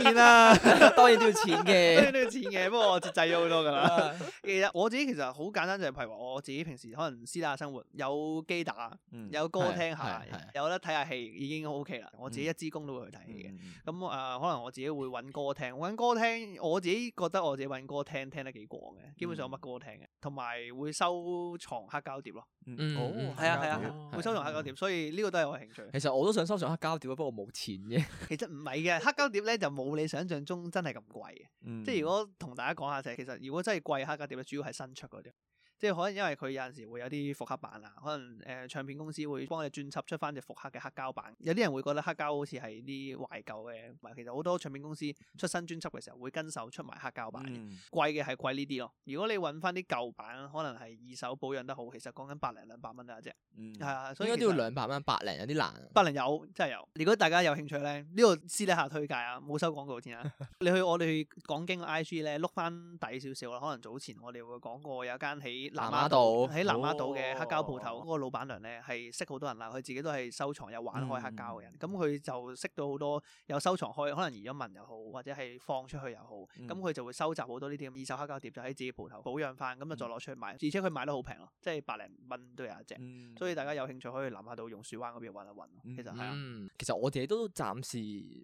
然啦，當然都要錢嘅，都要錢嘅。不過我節制咗好多噶啦。其實我自己其實好簡單，就係譬如話我自己平時可能私底下生活有機打，有歌聽下，有得睇下戲已經 O K 啦。我自己一支公都會去睇戲嘅。咁誒，可能我自己會搵歌聽。我搵歌聽，我自己覺得我自己搵歌聽聽得幾廣嘅，基本上乜歌都聽嘅，同埋會收藏黑膠碟咯。嗯，哦，係啊係啊，啊會收藏黑膠碟，啊、所以呢個都係我嘅興趣。其實我都想收藏黑膠碟，不過冇錢嘅。其實唔係嘅，黑膠碟咧就冇你想象中真係咁貴嘅。嗯、即係如果同大家講下就係，其實如果真係貴黑膠碟咧，主要係新出嗰啲。即係可能因為佢有陣時會有啲復刻版啊，可能誒、呃、唱片公司會幫你專輯出翻隻復刻嘅黑膠版。有啲人會覺得黑膠好似係啲懷舊嘅，其實好多唱片公司出新專輯嘅時候會跟手出埋黑膠版。嗯、貴嘅係貴呢啲咯。如果你揾翻啲舊版，可能係二手保養得好，其實講緊百零兩百蚊啊，啫、嗯。係啊，所以應該都要兩、啊、百蚊，百零有啲難。百零有真係有。如果大家有興趣咧，呢個私底下推介啊，冇收廣告先啊。 你去我哋講經嘅 IG 咧碌 o o 翻底少少啦。可能早前我哋會講過有間喺，南丫島，喺南丫島嘅黑膠鋪頭嗰個老闆娘咧，係識好多人啦，佢自己都係收藏又玩開黑膠嘅人，咁佢就識到好多有收藏開，可能移咗民又好，或者係放出去又好，咁佢就會收集好多呢啲二手黑膠碟，就喺自己鋪頭保養翻，咁啊再攞出去賣，而且佢賣得好平咯，即係百零蚊都有一隻，所以大家有興趣可以南丫島榕樹灣嗰邊揾下揾。其實係啊，其實我自己都暫時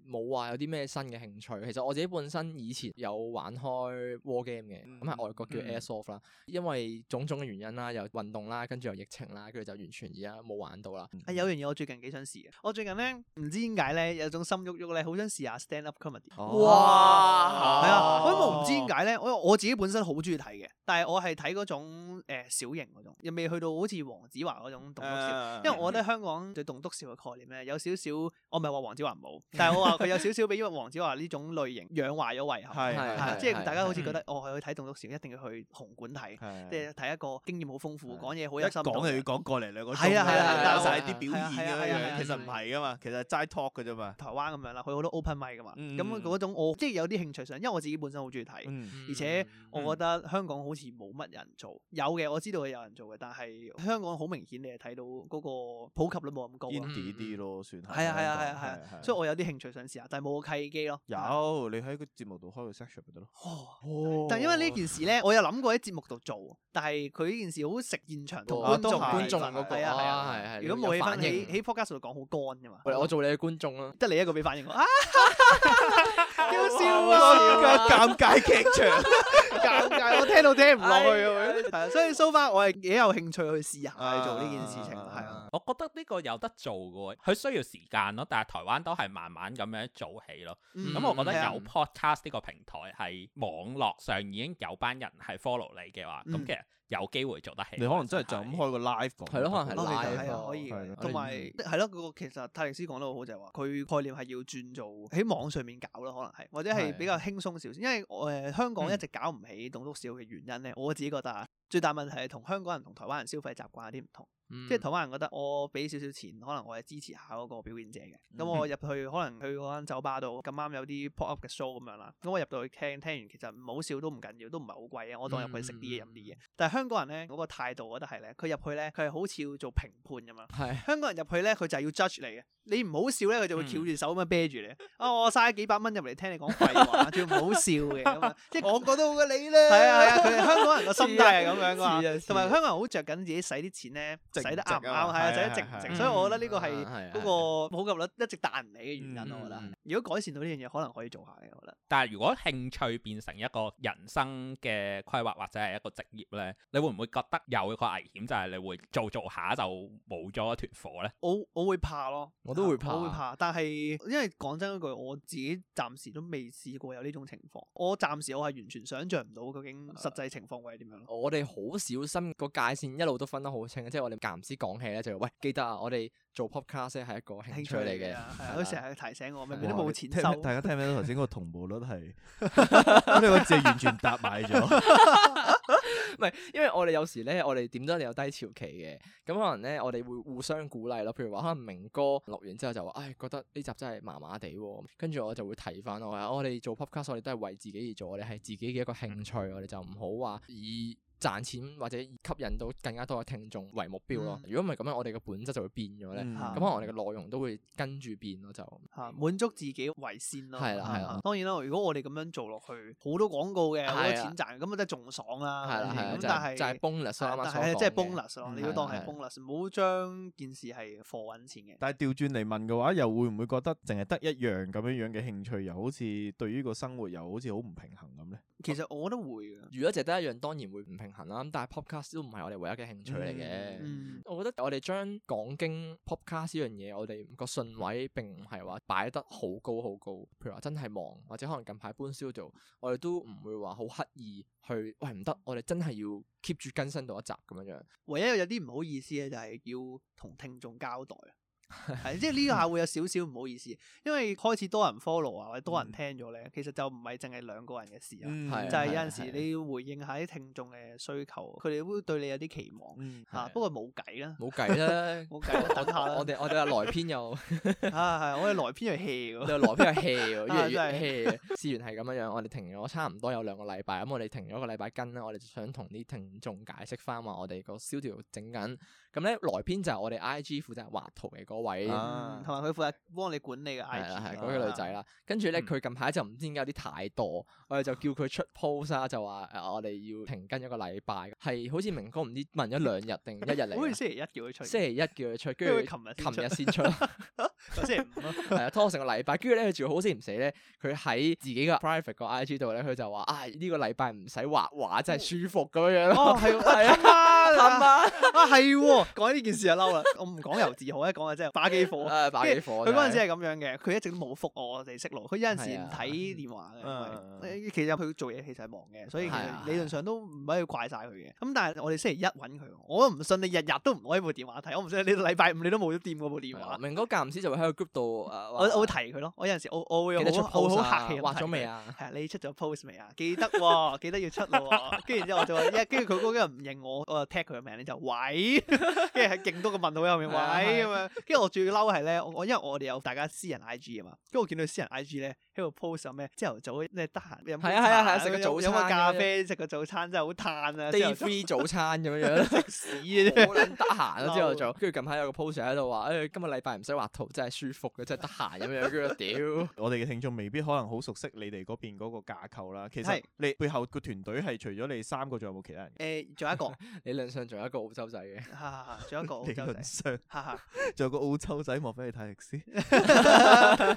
冇話有啲咩新嘅興趣。其實我自己本身以前有玩開 war game 嘅，咁喺外國叫 airsoft 啦，因為種種嘅原因啦，又運動啦，跟住又疫情啦，跟住就完全而家冇玩到啦。啊，有樣嘢我最近幾想試嘅，我最近咧唔知點解咧有種心喐喐咧，好想試下 stand up comedy。哦、哇，係、哦、啊，我唔知點解咧，我我自己本身好中意睇嘅，但係我係睇嗰種小型嗰種，又、呃、未去到好似黃子華嗰種棟篤笑。嗯、因為我覺得香港對棟篤笑嘅概念咧有少少，我唔係話黃子華唔好，但係我話佢有少少俾因為黃子華呢種類型養壞咗胃口。即係大家好似覺得我係去睇棟篤笑一定要去紅館睇，即係睇。的係一個經驗好豐富，講嘢好有心。一講又要講過嚟兩個鐘啊，教晒啲表現咁樣，其實唔係噶嘛？其實齋 talk 嘅啫嘛。台灣咁樣啦，佢好多 open mic 噶嘛。咁嗰種我即係有啲興趣上，因為我自己本身好中意睇，而且我覺得香港好似冇乜人做。有嘅我知道有人做嘅，但係香港好明顯你係睇到嗰個普及率冇咁高。煙啲啲咯，算係。係啊，係啊，係啊，係啊，所以我有啲興趣想試下，但係冇契機咯。有你喺個節目度開個 section 咪得咯。但係因為呢件事咧，我有諗過喺節目度做，但係。佢呢件事好食現場同觀眾嗰個啊，係啊係係。如果冇起翻喺喺 podcast 度講好乾㗎嘛。我做你嘅觀眾啦，得你一個俾反應啊！嬌笑啊！尷尬劇場，尷尬我聽到聽唔落去。所以 so far，我係幾有興趣去試下做呢件事情係啊。我覺得呢個有得做嘅喎，佢需要時間咯。但係台灣都係慢慢咁樣做起咯。咁我覺得有 podcast 呢個平台係網絡上已經有班人係 follow 你嘅話，咁其實。有機會做得起，你可能真係就咁開個 live，係咯的的，可能係 live 係可以。同埋係咯，嗰個有、嗯、其實泰利斯講得好好就係話，佢概念係要轉做喺網上面搞咯，可能係，或者係比較輕鬆少少，少。因為我誒、呃、香港一直搞唔起棟篤笑嘅原因咧，嗯、我自己覺得最大問題係同香港人同台灣人消費習慣有啲唔同。即係台灣人覺得我俾少少錢，可能我係支持下嗰個表演者嘅。咁我入去，可能佢嗰間酒吧度咁啱有啲 pop up 嘅 show 咁樣啦。咁我入到去聽，聽完其實唔好笑都唔緊要，都唔係好貴嘅。我當入去食啲嘢飲啲嘢。但係香港人咧嗰個態度，我覺得係咧，佢入去咧佢係好似要做評判咁樣。係香港人入去咧，佢就係要 judge 你嘅。你唔好笑咧，佢就會翹住手咁樣啤住你。啊，我嘥幾百蚊入嚟聽你講廢話，仲要唔好笑嘅，咁即係我覺得好你咧，係啊係啊，佢哋香港人個心態係咁樣噶，同埋香港人好着緊自己使啲錢咧。使得啱啱係啊，啊使得直唔直，啊、所以我覺得呢個係嗰個普及率一直彈唔起嘅原因，我覺得。嗯嗯如果改善到呢樣嘢，可能可以做下嘅，我覺得。但係如果興趣變成一個人生嘅規劃或者係一個職業咧，你會唔會覺得有一個危險就係你會做做下就冇咗一團火咧？我我會怕咯，我都會怕。我會怕，但係因為講真一句，我自己暫時都未試過有呢種情況。我暫時我係完全想像唔到究竟實際情況會係點樣。Uh, 我哋好小心，個界線一路都分得好清，即係我哋間唔時講起咧，就喂記得啊，我哋。做 Podcast 係一個興趣嚟嘅，佢成日提醒我咩都冇錢收。大家聽唔聽到頭先嗰個同步率係？呢個字係完全搭埋咗。唔係，因為我哋有時咧，我哋點都係有低潮期嘅。咁可能咧，我哋會互相鼓勵咯。譬如話，可能明哥錄完之後就話，唉，哎，覺得呢集真係麻麻地。跟住我就會提翻我話，我哋做 Podcast，我哋都係為自己而做，我哋係自己嘅一個興趣。我哋就唔好話以賺錢或者吸引到更加多嘅聽眾為目標咯。如果唔係咁樣，我哋嘅本質就會變咗咧。咁可能我哋嘅內容都會跟住變咯，就滿足自己為先咯。係啦，係啦。當然啦，如果我哋咁樣做落去，好多廣告嘅，好多錢賺，咁咪真係仲爽啦。係啦，係。咁但係就係 bonus 即係 bonus 咯，你要當係 bonus，唔好將件事係貨揾錢嘅。但係調轉嚟問嘅話，又會唔會覺得淨係得一樣咁樣樣嘅興趣，又好似對於個生活又好似好唔平衡咁咧？其實我覺得會。如果淨係得一樣，當然會唔平。行啦，但係 podcast 都唔係我哋唯一嘅興趣嚟嘅、嗯。嗯、我覺得我哋將講經 podcast 呢樣嘢，我哋個順位並唔係話擺得好高好高。譬如話真係忙，或者可能近排搬 studio，我哋都唔會話好刻意去。喂，唔得。我哋真係要 keep 住更新到一集咁樣樣。唯一有啲唔好意思咧，就係、是、要同聽眾交代。係，即係呢個下會有少少唔好意思，因為開始多人 follow 啊，或者多人聽咗咧，其實就唔係淨係兩個人嘅事啊，就係有陣時你要回應下啲聽眾嘅需求，佢哋會對你有啲期望吓。不過冇計啦，冇計啦，冇計，等下我哋我哋又來篇又，啊係，我哋來篇又 hea 又來篇又 hea，越嚟越 hea。事緣係咁樣樣，我哋停咗差唔多有兩個禮拜，咁我哋停咗一個禮拜跟啦，我哋就想同啲聽眾解釋翻話，我哋個 schedule 整緊。咁咧，萊編就係我哋 I G 負責畫圖嘅嗰位，同埋佢負責幫你管理嘅 I G 嗰個女仔啦。跟住咧，佢近排就唔知點解有啲態度，我哋就叫佢出 post 啊，就話我哋要停更一個禮拜，係好似明哥唔知問咗兩日定一日嚟。好似星期一叫佢出，星期一叫佢出，跟住琴日琴日先出咯。星期五啊，係啊，拖成個禮拜，跟住咧佢仲好死唔死咧，佢喺自己個 private 個 I G 度咧，佢就話，唉，呢個禮拜唔使畫畫，真係舒服咁樣樣咯。哦，係啊。 啊啊係喎，講呢件事就嬲啦。我唔講由自可，一講就真係把幾火。係把幾火。佢嗰陣時係咁樣嘅，佢的一直都冇覆我哋識路，佢有陣時唔睇電話嘅。其實佢做嘢其實係忙嘅，所以理論上都唔可以怪晒佢嘅。咁但係我哋星期一揾佢，我唔信你日日都唔開部電話睇，我唔信你禮拜五你都冇咗掂嗰部電話。明 哥間唔時就會喺個 group 度、呃、我我會提佢咯。我有陣時我我會好客氣咁提。畫咗未啊？係啊，啊，你出咗 post 未啊？記得哇、哦，記得要出咯。跟住之後我就話，跟住佢嗰日唔認我，我就個名咧就喂，跟住喺勁多嘅問號入面喂咁樣，跟住 我最嬲係咧，我因為我哋有大家私人 I G 啊嘛，跟住我見到私人 I G 咧。喺度 post 咩？朝頭早你得閒飲個茶，食、啊啊啊、個早飲個早餐咖啡，食個早餐真係好嘆啊！Day three 早餐咁樣樣，食屎啊！得閒啦，朝頭早。跟住近排有個 post 喺度話，誒，今日禮拜唔使畫圖，真係舒服嘅，真係得閒咁樣樣。屌 ，我哋嘅聽眾未必可能好熟悉你哋嗰邊嗰個架構啦。其實你背後個團隊係除咗你三個，仲有冇其他人？誒、欸，仲有一個，理論 上仲有一個澳洲仔嘅。仲、啊、有一個澳洲仔。哈哈，仲有一個澳洲仔，莫非你睇歷史？誒誒，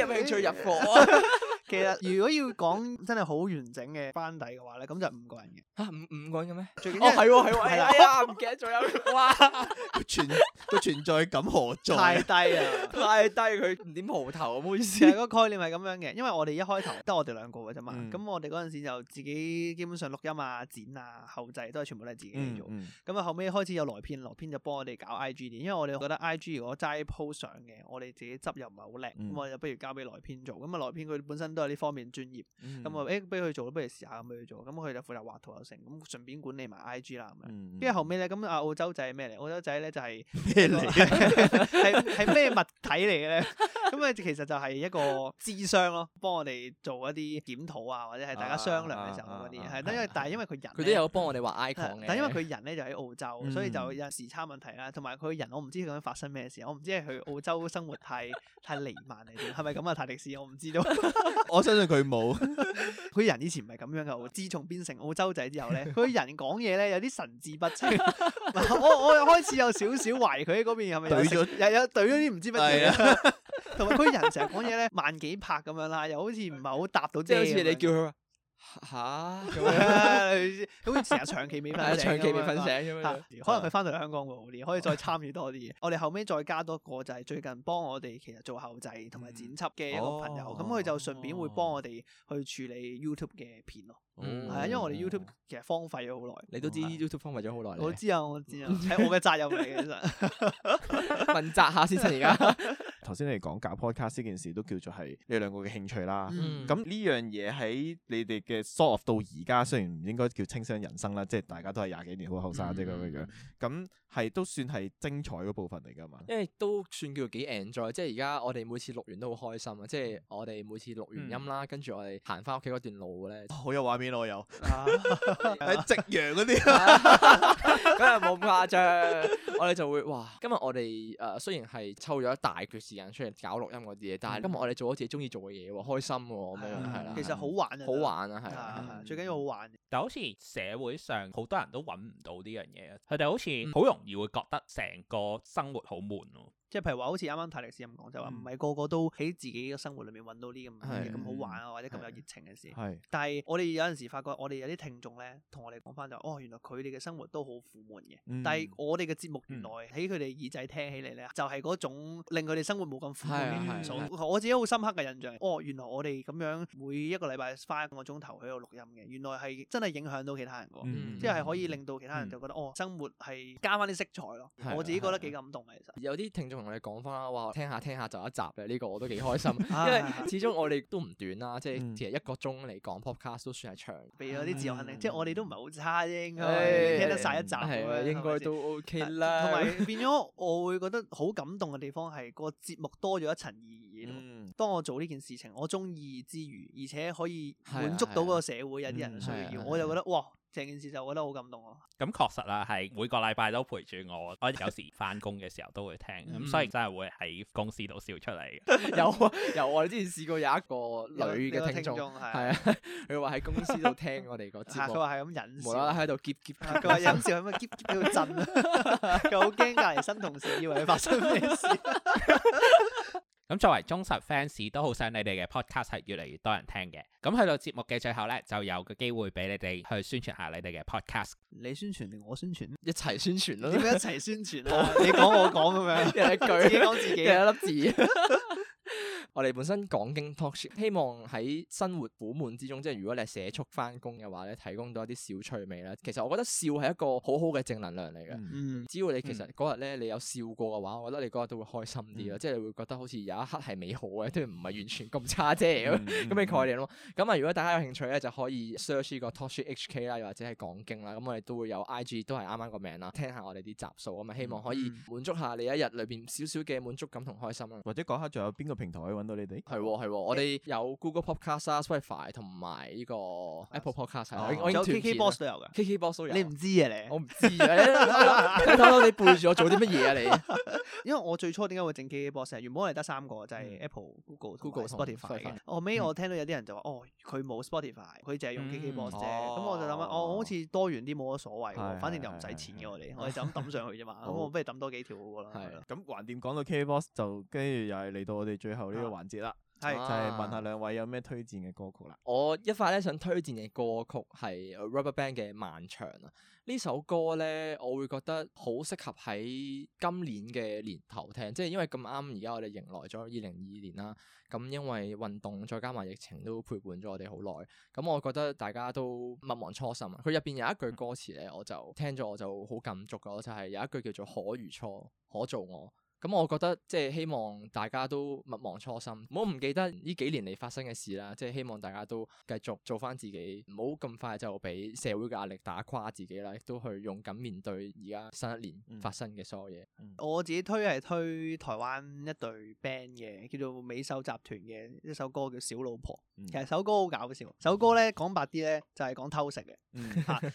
有冇興趣？去入貨。其實如果要講真係好完整嘅班底嘅話咧，咁就個五,五個人嘅吓五五個人嘅咩？最哦係係係啊，唔記得咗有哇，存個存在感何做太低， 太低啊，太低，佢唔點蒲頭唔好意思？其、啊那個概念係咁樣嘅，因為我哋一開頭得我哋兩個嘅啫嘛，咁、嗯、我哋嗰陣時就自己基本上錄音啊、剪啊、後製都係全部都係自己嚟做，咁啊、嗯嗯、後尾開始有萊編，萊編就幫我哋搞 I G 啲，因為我哋覺得 I G 如果齋 post 相嘅，我哋自己執又唔係好叻，咁、嗯、我就不如交俾萊編做，咁啊萊編佢本身。都喺呢方面專業，咁我誒俾佢做咯，不、嗯、如試下咁去做，咁佢就負責畫圖又成，咁順便管理埋 I G 啦咁樣。跟住、嗯、後尾咧，咁啊澳洲仔係咩嚟？澳洲仔咧就係咩嚟？係係咩物體嚟嘅咧？咁啊其實就係一個智商咯，幫我哋做一啲檢討啊，或者係大家商量嘅時候嗰啲，係、啊，啊、但因為但係因為佢人，佢都有幫我哋畫 icon 嘅，但因為佢人咧就喺澳洲，嗯、所以就有時差問題啦。同埋佢人，我唔知點樣發生咩事，我唔知係去澳洲生活太太瀰漫嚟定咪咁啊泰迪斯，我唔知道。我相信佢冇，佢人以前唔係咁樣噶喎。自從變成澳洲仔之後咧，佢人講嘢咧有啲神志不清。 我我又開始有少少懷疑佢喺嗰邊係咪又有懟咗啲唔知乜嘢對呀， 同埋佢人成日講嘢咧慢幾拍咁樣啦，又好似唔係好搭到啫。好似你叫佢。 吓，咁樣，好似成日長期未瞓醒， 長期未瞓醒，吓，可能佢翻到嚟香港會好啲，可以再參與多啲嘢。我哋後尾再加多個，就係最近幫我哋其實做後製同埋剪輯嘅一個朋友、嗯，咁、哦、佢就順便會幫我哋去處理 YouTube 嘅片咯。係啊，因為我哋 YouTube 其實荒廢咗好耐，你都知 YouTube 荒廢咗好耐。我知啊，我知啊，係我嘅責任嚟嘅，其實問責下先。而家頭先你哋講搞 podcast 呢件事，都叫做係你哋兩個嘅興趣啦。咁呢樣嘢喺你哋嘅 soft 到而家，雖然唔應該叫清商人生啦，即係大家都係廿幾年好後生啫咁樣樣。咁係都算係精彩嗰部分嚟噶嘛？因為都算叫做幾 enjoy，即係而家我哋每次錄完都好開心啊！即係我哋每次錄完音啦，跟住我哋行翻屋企嗰段路咧，好有畫面。內遊喺夕陽嗰啲，咁又冇咁誇張。我哋就會哇，今日我哋誒，雖然係抽咗一大段時間出嚟搞錄音嗰啲嘢，但係今日我哋做咗自己中意做嘅嘢喎，開心咁樣係啦。其實好玩好玩啊，係、嗯、最緊要好玩。但係好似社會上好多人都揾唔到呢樣嘢，佢哋好似好容易會覺得成個生活好悶。即係譬如話，好似啱啱睇歷史咁講，就話唔係個個都喺自己嘅生活裏面搵到啲咁咁好玩啊，或者咁有熱情嘅事。但係我哋有陣時發覺，我哋有啲聽眾咧，同我哋講翻就哦，原來佢哋嘅生活都好苦悶嘅。但係我哋嘅節目原來喺佢哋耳仔聽起嚟咧，就係嗰種令佢哋生活冇咁苦悶嘅元素。我自己好深刻嘅印象，哦，原來我哋咁樣每一個禮拜花一個鐘頭喺度錄音嘅，原來係真係影響到其他人㗎。即係可以令到其他人就覺得哦，生活係加翻啲色彩咯。我自己覺得幾感動嘅其實。有啲聽眾。同你講翻啦，哇！聽下聽下就一集嘅呢個我都幾開心，因為始終我哋都唔短啦，即係其實一個鐘嚟講 podcast 都算係長，俾咗啲自由能力。即係我哋都唔係好差啫，聽得晒一集，應該都 OK 啦。同埋變咗，我會覺得好感動嘅地方係個節目多咗一層意義。當我做呢件事情，我中意之餘，而且可以滿足到個社會有啲人需要，我就覺得哇！成件事就覺得好感動咯。咁確實啊，係每個禮拜都陪住我。我有時返工嘅時候都會聽，咁所以真係會喺公司度笑出嚟。有啊，有啊！你之前試過有一個女嘅聽眾係啊，佢話喺公司度聽我哋個節目，佢話係咁忍笑，喺度佢話忍笑，咁啊夾夾到震啊！佢好驚，隔籬新同事以為發生咩事。咁作為忠實 fans 都好想你哋嘅 podcast 係越嚟越多人聽嘅，咁去到節目嘅最後呢，就有個機會俾你哋去宣傳下你哋嘅 podcast。你宣傳定我宣傳？一齊宣傳咯。點樣一齊宣傳啊？ 你講我講咁樣， 一句，自己講自己，一粒字。 我哋本身講經 TalkShit，希望喺生活苦悶之中，即係如果你係寫速返工嘅話咧，提供到一啲小趣味啦。其實我覺得笑係一個好好嘅正能量嚟嘅。嗯、只要你其實嗰日咧你有笑過嘅話，我覺得你嗰日都會開心啲咯。嗯、即你會覺得好似有一刻係美好嘅，即係唔係完全咁差啫咁嘅概念咯。咁啊、嗯，如果大家有興趣咧，就可以 search 個 TalkShit HK 啦，又或者係講經啦。咁我哋都會有 IG，都係啱啱個名啦。聽下我哋啲集數啊嘛，希望可以滿足下你一日裏邊少少嘅滿足感同開心啊。嗯、或者嗰刻仲有邊個平台到你哋係係，我哋有 Google Podcast、啊 Spotify 同埋呢個 Apple Podcast 啊，有 KK Box 都有嘅，KK Box 都有。你唔知啊你，我唔知啊，你你背住我做啲乜嘢啊你？因為我最初點解會整 KK Box 係，原本我哋得三個，就係 Apple、Google、Google Spotify。後尾我聽到有啲人就話，哦佢冇 Spotify，佢淨係用 KK Box 啫。咁我就諗啊，我好似多元啲冇乜所謂，反正就唔使錢嘅我哋，我哋就咁抌上去啫嘛。咁我不如抌多幾條好過啦。係。咁橫掂講到 KK Box 就，跟住又係嚟到我哋最後呢個。環節啦，係、啊、就係、是、問下兩位有咩推薦嘅歌曲啦。我一塊咧，想推薦嘅歌曲係 Rubberband 嘅《漫長》啊。呢首歌咧，我會覺得好適合喺今年嘅年頭聽，即係因為咁啱而家我哋迎來咗二零二年二零二二年啦。咁因為運動再加埋疫情都陪伴咗我哋好耐，咁我覺得大家都勿忘初心啊。佢入邊有一句歌詞咧，我就聽咗我就好感觸咯，就係、是、有一句叫做可初“可如初，可做我”。咁、嗯、我覺得即係希望大家都勿忘初心，唔好唔記得呢幾年嚟發生嘅事啦。即係希望大家都繼續做翻自己，唔好咁快就俾社會嘅壓力打垮自己啦。亦都去勇敢面對而家新一年發生嘅所有嘢。嗯、我自己推係推台灣一隊 band 嘅，叫做美秀集團嘅一首歌叫《小老婆》，嗯。其實首歌好搞笑，首歌咧講白啲咧就係、是、講偷食嘅。嚇、嗯，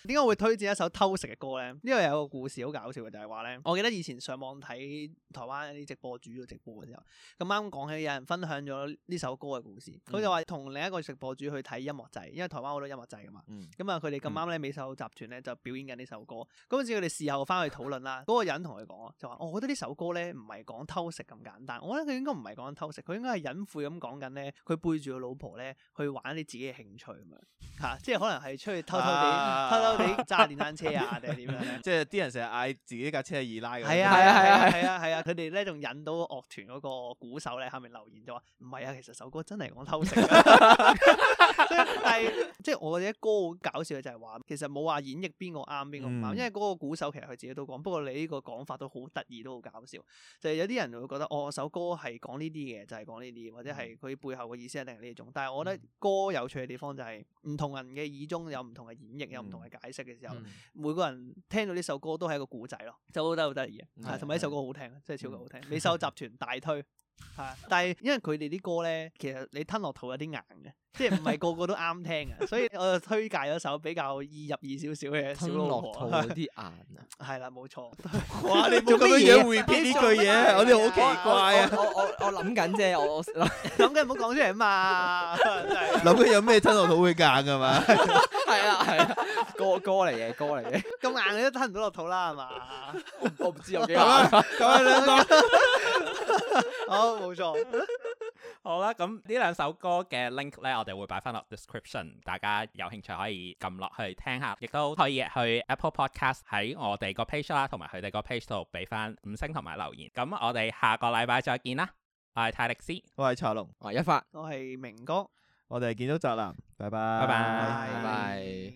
點解、 啊、會推薦一首偷食嘅歌咧？因為有個故事好搞笑嘅，就係話咧，我記得以前上網睇台灣。玩呢啲直播主要直播嘅時候，咁啱講起有人分享咗呢首歌嘅故事，佢就話同另一個直播主去睇音樂祭，因為台灣好多音樂祭嘅嘛。咁啊，佢哋咁啱咧，美秀集團咧就表演緊呢首歌。嗰陣時佢哋事後翻去討論啦，嗰個人同佢講就話，我覺得呢首歌咧唔係講偷食咁簡單，我覺得佢應該唔係講偷食，佢應該係隱晦咁講緊咧，佢背住個老婆咧去玩啲自己嘅興趣啊嘛，嚇，即係可能係出去偷偷地偷偷地揸電單車啊，定係點樣？即係啲人成日嗌自己架車係二奶咁樣啊，係啊，係啊，係啊咧仲引到樂團嗰個鼓手咧，下面留言就話：唔係啊，其實首歌真係講偷食 但，即係即係我覺得歌好搞笑嘅就係話，其實冇話演繹邊個啱邊個唔啱，因為嗰個鼓手其實佢自己都講。不過你呢個講法都好得意，都好搞笑。就係有啲人會覺得哦，我首歌係講呢啲嘅，就係講呢啲，或者係佢背後嘅意思係定係呢種。但係我覺得歌有趣嘅地方就係唔同人嘅耳中有唔同嘅演繹，有唔同嘅解釋嘅時候，每個人聽到呢首歌都係一個故仔咯，真係好得意，同埋呢首歌好聽，真係好聽，美秀集團大推，係，但係因為佢哋啲歌咧，其實你吞落肚有啲硬嘅，即係唔係個個都啱聽嘅，所以我就推介咗首比較易入耳少少嘅小老婆，吞落肚有啲硬啊，係啦，冇錯，哇，你做咁樣樣？呢句嘢，我哋好奇怪啊！我我我諗緊啫，我諗緊唔好講出嚟啊嘛，諗緊有咩吞落肚會硬噶嘛？係啊，係啊。歌歌嚟嘅，歌嚟嘅咁硬你都吞唔到落肚啦，係嘛？ 我唔知有幾硬咁樣講，錯，好冇錯好啦。咁呢兩首歌嘅 link 咧，我哋會擺翻落 description，大家有興趣可以撳落去聽下，亦都可以去 Apple Podcast 喺我哋個 page 啦，同埋佢哋個 page 度俾翻五星同埋留言。咁我哋下個禮拜再見啦。我係泰力斯，我係柴龍，我係一發，我係明哥，我哋係建築宅男，拜拜拜拜。